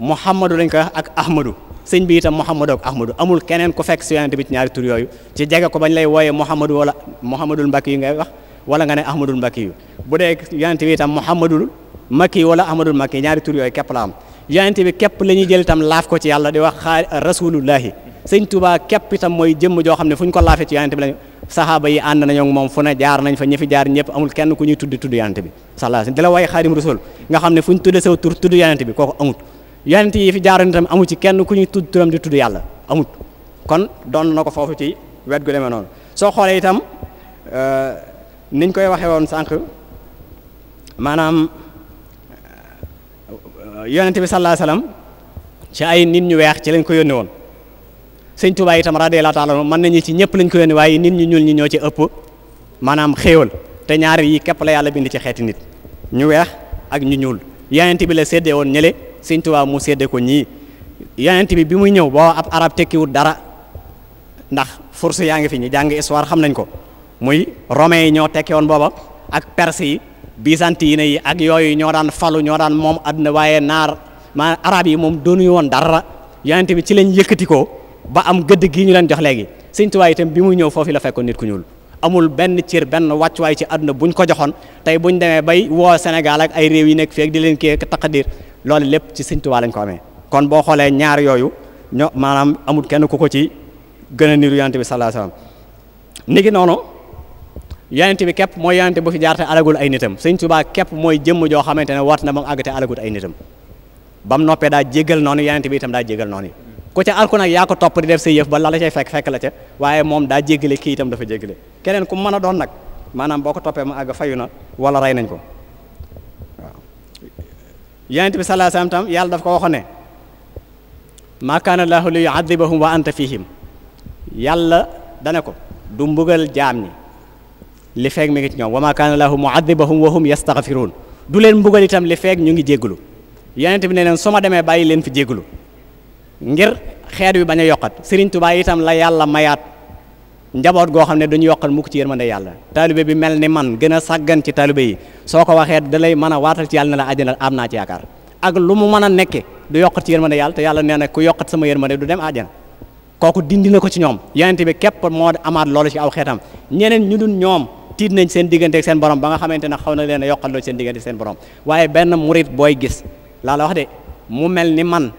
muhammadu lañ ko ak ahmadu sëñ bi itam Mouhamadou ak Ahmadou amul keneen ku fekk si yonent bi ci ñaari tur yooyu ci jege ko bañ lay wooyee Mouhamadou wala Mouhamadul Mbakki yu ngay wax wala nga ne Ahmadul Mbakki yu bu dee yonent bi itam Mouhamadul Makki wala Ahmadul Makki ñaari tur yooyu képp la am yonent bi képp la ñuy jël itam laaf ko ci yàlla di wax xaa rasulullahi sëñ Touba képp itam mooy jëmm joo xam ne fu ñu ko laafee ci yonent bi lañ saxaaba yi ànd nañoo ak moom fu ne jaar nañ fa ñi fi jaar ñëpp amul kenn ku ñuy tudd tudd yonent bi sallallahu alayhi ne fu ñu tudde saw bi kooku amut yonent yi fi jaaroon tam amu ci kenn ku ñuy tudd turam di tudd yàlla amut kon doon na ko foofu ci wet gu demee noonu soo xoolee itam euh, niñ koy waxee woon sànq maanaam euh, yonent bi sallallahu alayhi nit ñu weex ci lañ ko yónni woon sëñ Tuubaa itam radiyallahu ta'ala mën nañu ci ñëpp lañ ko yónni waaye nit ñu ñuul ñi ñoo ci ëpp maanaam xéewal te ñaari yii képp la yàlla bind ci xeeti nit ñu weex ak ñu ñuul yonent bi la seddee woon ñële sëñ Tuubaa mu sédde ko ñii yonent bi bi muy ñëw boo ab arab tekkiwut dara ndax force yaa ngi fi ñu jàng histoire xam nañ ko muy romain yi ñoo tekki woon booba ak perse yi byzantine yi ak yooyu ñoo daan falu ñoo daan moom àdduna waaye naar ma arab yi moom doonuñu woon dara yonent bi ci lañ yëkkati ko ba am gëdd gii ñu leen jox léegi sëñ Tuubaa itam bi muy ñëw foofu la fekkoon nit ku ñuul amul benn cër benn wàccuwaay ci àdduna buñ ko joxoon tey buñ demee bay woo Sénégal ak ay réew yi nekk feek di leen kii ak taqadir loolu lépp ci Sëñ Tuubaa lañ ko amee kon boo xoolee ñaar yooyu ño maanaam amul kenn ku ko ci gëna a niru bi sallallahu alayhi wasallam noonu yonent bi képp mooy yonent bu fi jaar te alagul ay nitam Sëñ Tuubaa képp mooy jëmm joo xamante ne wat na ba mu àgg ay nitam ba mu noppee daa jéggal noonu yonent bi daa jéggal noonu ku ca alku nag yaa ko topp di def say yëf ba la la cay fekk fekk la ca waaye moom daa jéggale kii tam dafa jéggale keneen ku mën a doon nag maanaam boo ko toppee ma àgg fayu na wala rey nañ ko waaw bi sallallahu alayhi tam yàlla daf ko waxoon ne maa kaana llaahu li yu'adhibahum wa anta fihim yàlla dane ko du mbugal jaam ñi li feeg mi ngi ci ñoom wa maa kaana llaahu mu'adhibahum wa hum yastaghfiruun du leen mbugal itam li feeg ñu ngi jégglu yonent bi ne su ma demee bàyyi leen fi jégglu ngir xeet wi bañ a yokkat Serigne Touba itam la yàlla mayaat njaboot goo xam ne duñu yokkal mukk ci yërmande yàlla taalibe bi mel ni man gën a sàggan ci taalibe yi soo ko waxee da lay mën a waatal ci yàlla ne la àjjana am naa ci yaakaar ak lu mu mën a nekke du yokkat ci yërmande yàlla te yàlla nee na ku yokkat sama yërmande du dem àjjana kooku dindi na ko ci ñoom yonente bi képp moo amaat loolu ci aw xeetam ñeneen ñu dul ñoom tiit nañ seen digganteeg seen borom ba nga xamante ne xaw na leen a yokkal loolu seen seen borom waaye ni man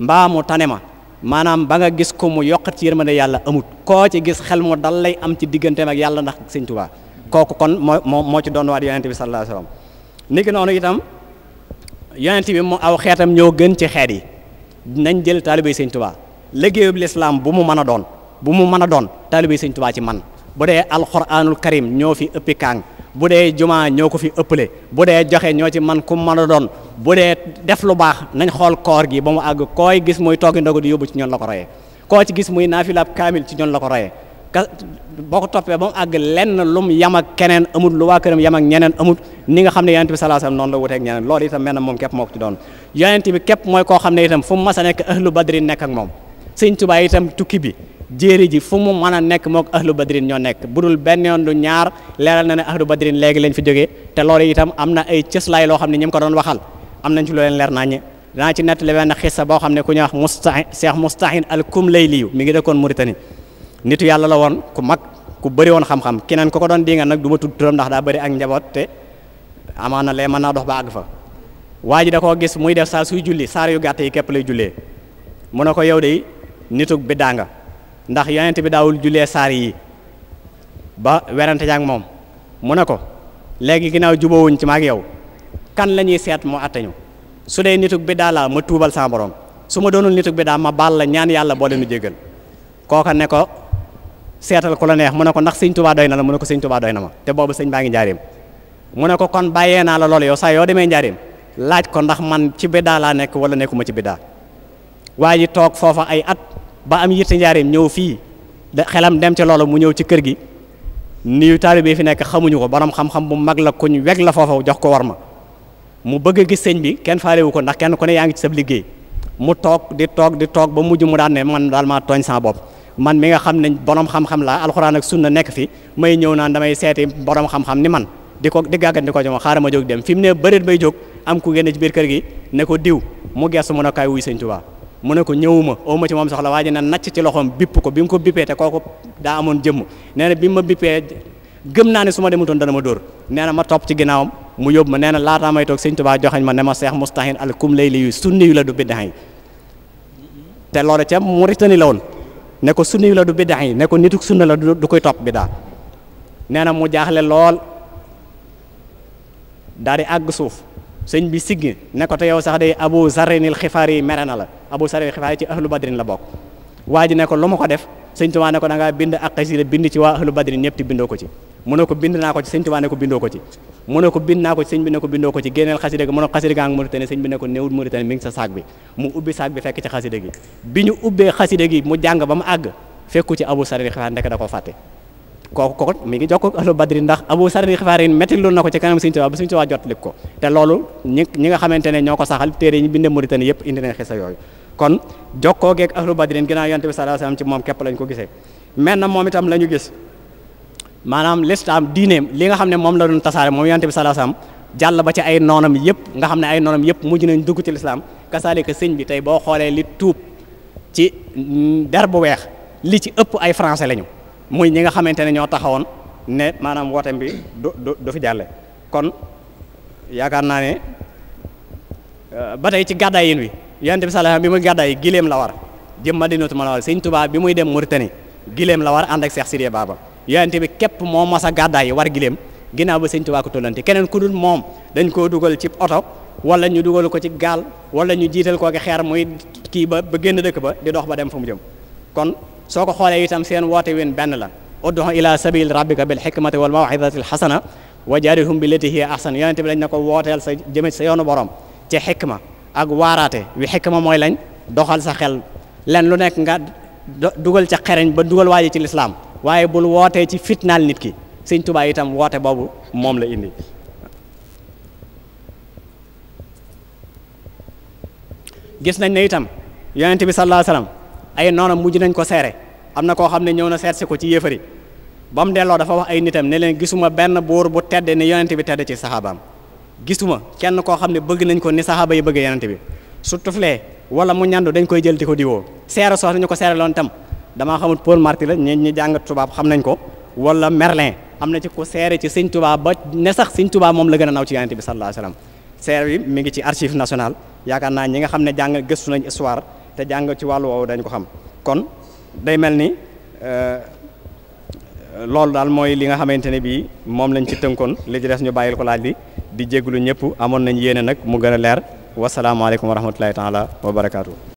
mbaa mu tane ma maanaam ba nga gis ko mu yokkat ci yërmande yàlla amut koo ci gis xel mu dal lay am ci digganteem ak yàlla ndax sëñ Tuubaa kooku kon moo moo ci doon waat yonent bi sallallahu alayhi wasallam niki noonu itam yonent bi mu aw xeetam ñoo gën ci xeet yi nañ jël taalibey sëñ Tuubaa liggéeyub lislaam bu mu mën a doon bu mu mën a doon taalibey sëñ Tuubaa ci man bu dee alxuraanul karim ñoo fi ëppi kaang bu dee jumaa ñoo ko fi ëppale bu dee joxe ñoo ci man ku mën a doon bu dee def lu baax nañ xool koor gi ba mu àgg kooy gis muy toggi ndogu di yóbbu ci ñoon la ko royee koo ci gis muy naafilaab kaamil ci ñoon la ko royee ka ko toppee ba mu àgg lenn lum yam ak keneen amul lu waa këram yam ak ñeneen amul ni nga xam ne yonent bi sallallahu alayhi wasallam noonu la wuteeg ñeneen lool itam mel na moom képp moo ko doon yonent bi képp mooy koo xam ne itam fu mu mas a nekk ahlu lu nekk ak moom sëñ Tuubaa itam tukki bi jéeri ji fu mu mën a nekk mook ahlu badrin ñoo nekk bu dul benn yoon du ñaar leeral na ne ahlu badrin léegi lañ fi jógee te loolu itam am na ay cëslaay loo xam ne ñi mu ko doon waxal am na ci lu leen leer naññe danaa ci nettali benn xissa boo xam ne ku ñuy wax mustahin seex lay al kumlayliyu mi ngi dëkkoon Mauritanie nitu yàlla la woon ku mag ku bëri woon xam-xam keneen ko ko doon dinga nag du ma tudd turam ndax daa bëri ak njaboot te na leen mën naa dox ba fa waa ji da koo gis muy def saa suy julli saar yu gàtt yi képp lay jullee mu ne ko yow de nitug biddaa nga ndax yonent bi daawul julee saar yi ba werante jaag moom mu ne ko léegi juba wuñ ci maag yow kan la ñuy seet mu attañu su dee nitug bi daa la ma tuubal sama su ma doonul nitug bi daa ma baal la ñaan yàlla boo leenu jéggal kooka ne ko seetal ku la neex mu ne ko ndax sëñ tubaa doy na la mu ne ko sëñ tubaa doy na ma te boobu sëñ baa ngi njaareem mu ne ko kon bàyyee naa la lool yow sax yow demee njaareem laaj ko ndax man ci biddaa laa nekk wala nekkuma ci biddaa waa ba am yitte njaareem ñëw fii da xelam dem ca loolu mu ñëw ci kër gi niyu taalibe fi nekk xamuñu ko borom xam-xam bu mag la kuñ weg la foofa jox ko war ma mu bëgg a gis sëñ bi kenn faalewu ko ndax kenn ku ne yaa ngi ci sab liggéey mu toog di toog di toog ba mujj mu daan ne man daal maa tooñ sa bopp man mi nga xam ne borom xam-xam laa alxuraan ak sunna nekk fi may ñëw naan damay seeti borom xam-xam ni man di ko di gàggat di ko joma xaaral ma jóg dem fi mu ne bëreet bay jóg am ku génne ci biir kër gi ne ko diw mu geesu mun a kaay wuy sëñ Tuubaa mu ne ko ñëwuma ma ci moom soxla waa ji ne nacc ci loxoom bipp ko bi mu ko bippee te kooku daa amoon jëmm nee na bi ma bippee gëm naa ne su ma demutoon dana ma dóor nee ma topp ci ginnaawam mu yóbbu ma nee na laataa may toog sëñ Tuubaa joxañ ma ne ma seex mustahin al kum lay li yu sunni yu la du biddaxay te loolu ca Muritani la woon ne ko sunni yu la du biddaxay ne ko nituk sunna la du koy topp biddaa nee na mu jaaxle lool daal di àgg suuf sëñ bi siggi ne ko te yow sax day abu zarinil xifaar yi mere na la abu sarwi xifaay ci ahlu badrin la bokk waa ne ko lu ma ko def sëñ Tuubaa ak xasida badrin ñëpp ti bindoo ko ci mu ko bind naa ko ci sëñ Tuubaa ne ko bindoo ba mu àgg fekku ci abu sarwi xifaay ndek da ko fàtte kooku kooku mi ngi jokko ahlu badri ndax abu sarri xifaarin ko ci kanam Sëñ Tuubaa ba Sëñ Tuubaa jot lik ko te loolu ñi nga xamante ñoo ko saxal téere yi ñu bindee Mauritanie yëpp indi yooyu kon jokkoo geeg ahlu badrin ginnaaw yonent bi sallallahu alayhi wasallam ci moom képp lañ ko gisee mel na moom itam la ñu gis maanaam lislaam diineem li nga xam ne moom la doon tasaare moom yante bi sallallahu alayhi wasallam jàll ba ci ay noonam yëpp nga xam ne ay noonam yëpp mujj nañ dugg ci lislaam kasaalika sëñ bi tey boo xoolee li tuub ci der bu weex li ci ëpp ay français lañu muy ñi nga xamante ne ñoo taxawoon ne maanaam wooteem bi du du du fi jàlle kon yaakaar naa ne euh, ba tey ci gàddaay wi yonent bi sallallahu alayhi wasallam bi muy gàddaay gileem la war jëm Madinatu Munawwara Sëñ Tuubaa bi muy dem Mauritanie gileem la war ànd ak Seex Sidiya Baba yonent bi képp moo mos a gàddaay war gileem ginnaaw ba Sëñ Tuubaa ko tollante keneen ku moom dañ koo dugal ci oto wala ñu dugal ko ci gaal wala ñu jiital koo ki xeer muy kii ba ba génn dëkk ba di dox ba dem fa mu jëm kon soo ko xoolee itam seen woote win benn la ud'u ila sabili rabbika bil hikmati wal maw'izati al hasana wa jaadilhum billati hiya ahsan yonent bi lañ ne ko wooteel sa jëme sa yoonu borom ci xikma ak waaraate wi ma mooy lañ doxal sa xel len lu nekk nga dugal ca xereñ ba dugal waaji ci lislaam waaye bul wootee ci fitnaal nit ki sëñ Tuubaa itam woote boobu moom la indi gis nañ ne itam yonent bi sallallahu alayhi wasallam ay noonam mujj nañ ko seere am na koo xam ne ñëw na seet si ko ci yéefari ba mu delloo dafa wax ay nitam ne leen gisuma benn buur bu tedd ni yonent bi tedd ci saxaabaam gisuma kenn koo xam ne bëgg nañ ko ni saxaaba yi bëggee yenante bi su tuflee wala mu ñandu dañ koy jël di ko diwoo seere soos nañu ko seere loon tam damaa xamul Paul Marty la ñi ñi jàng tubaab xam nañ ko wala Merlin am na ci ko seere ci sëñ tubaab ba ne sax sëñ Tuubaa moom la gën a naw ci yenante bi sallallahu alayhi wasallam seere bi mi ngi ci archive nationale yaakaar naa ñi nga xam ne jàng gëstu nañ histoire te jàng ci wàllu woowu dañ ko xam kon day mel ni euh, loolu daal mooy li nga xamante ne bii moom lañ ci tënkoon li ci des ñu bàyyil ko laaj bi di jégalu ñëpp amoon nañ yéene nag mu gën a leer wasalaamaaleykum wa rahmatulahi taala wa barakaatu.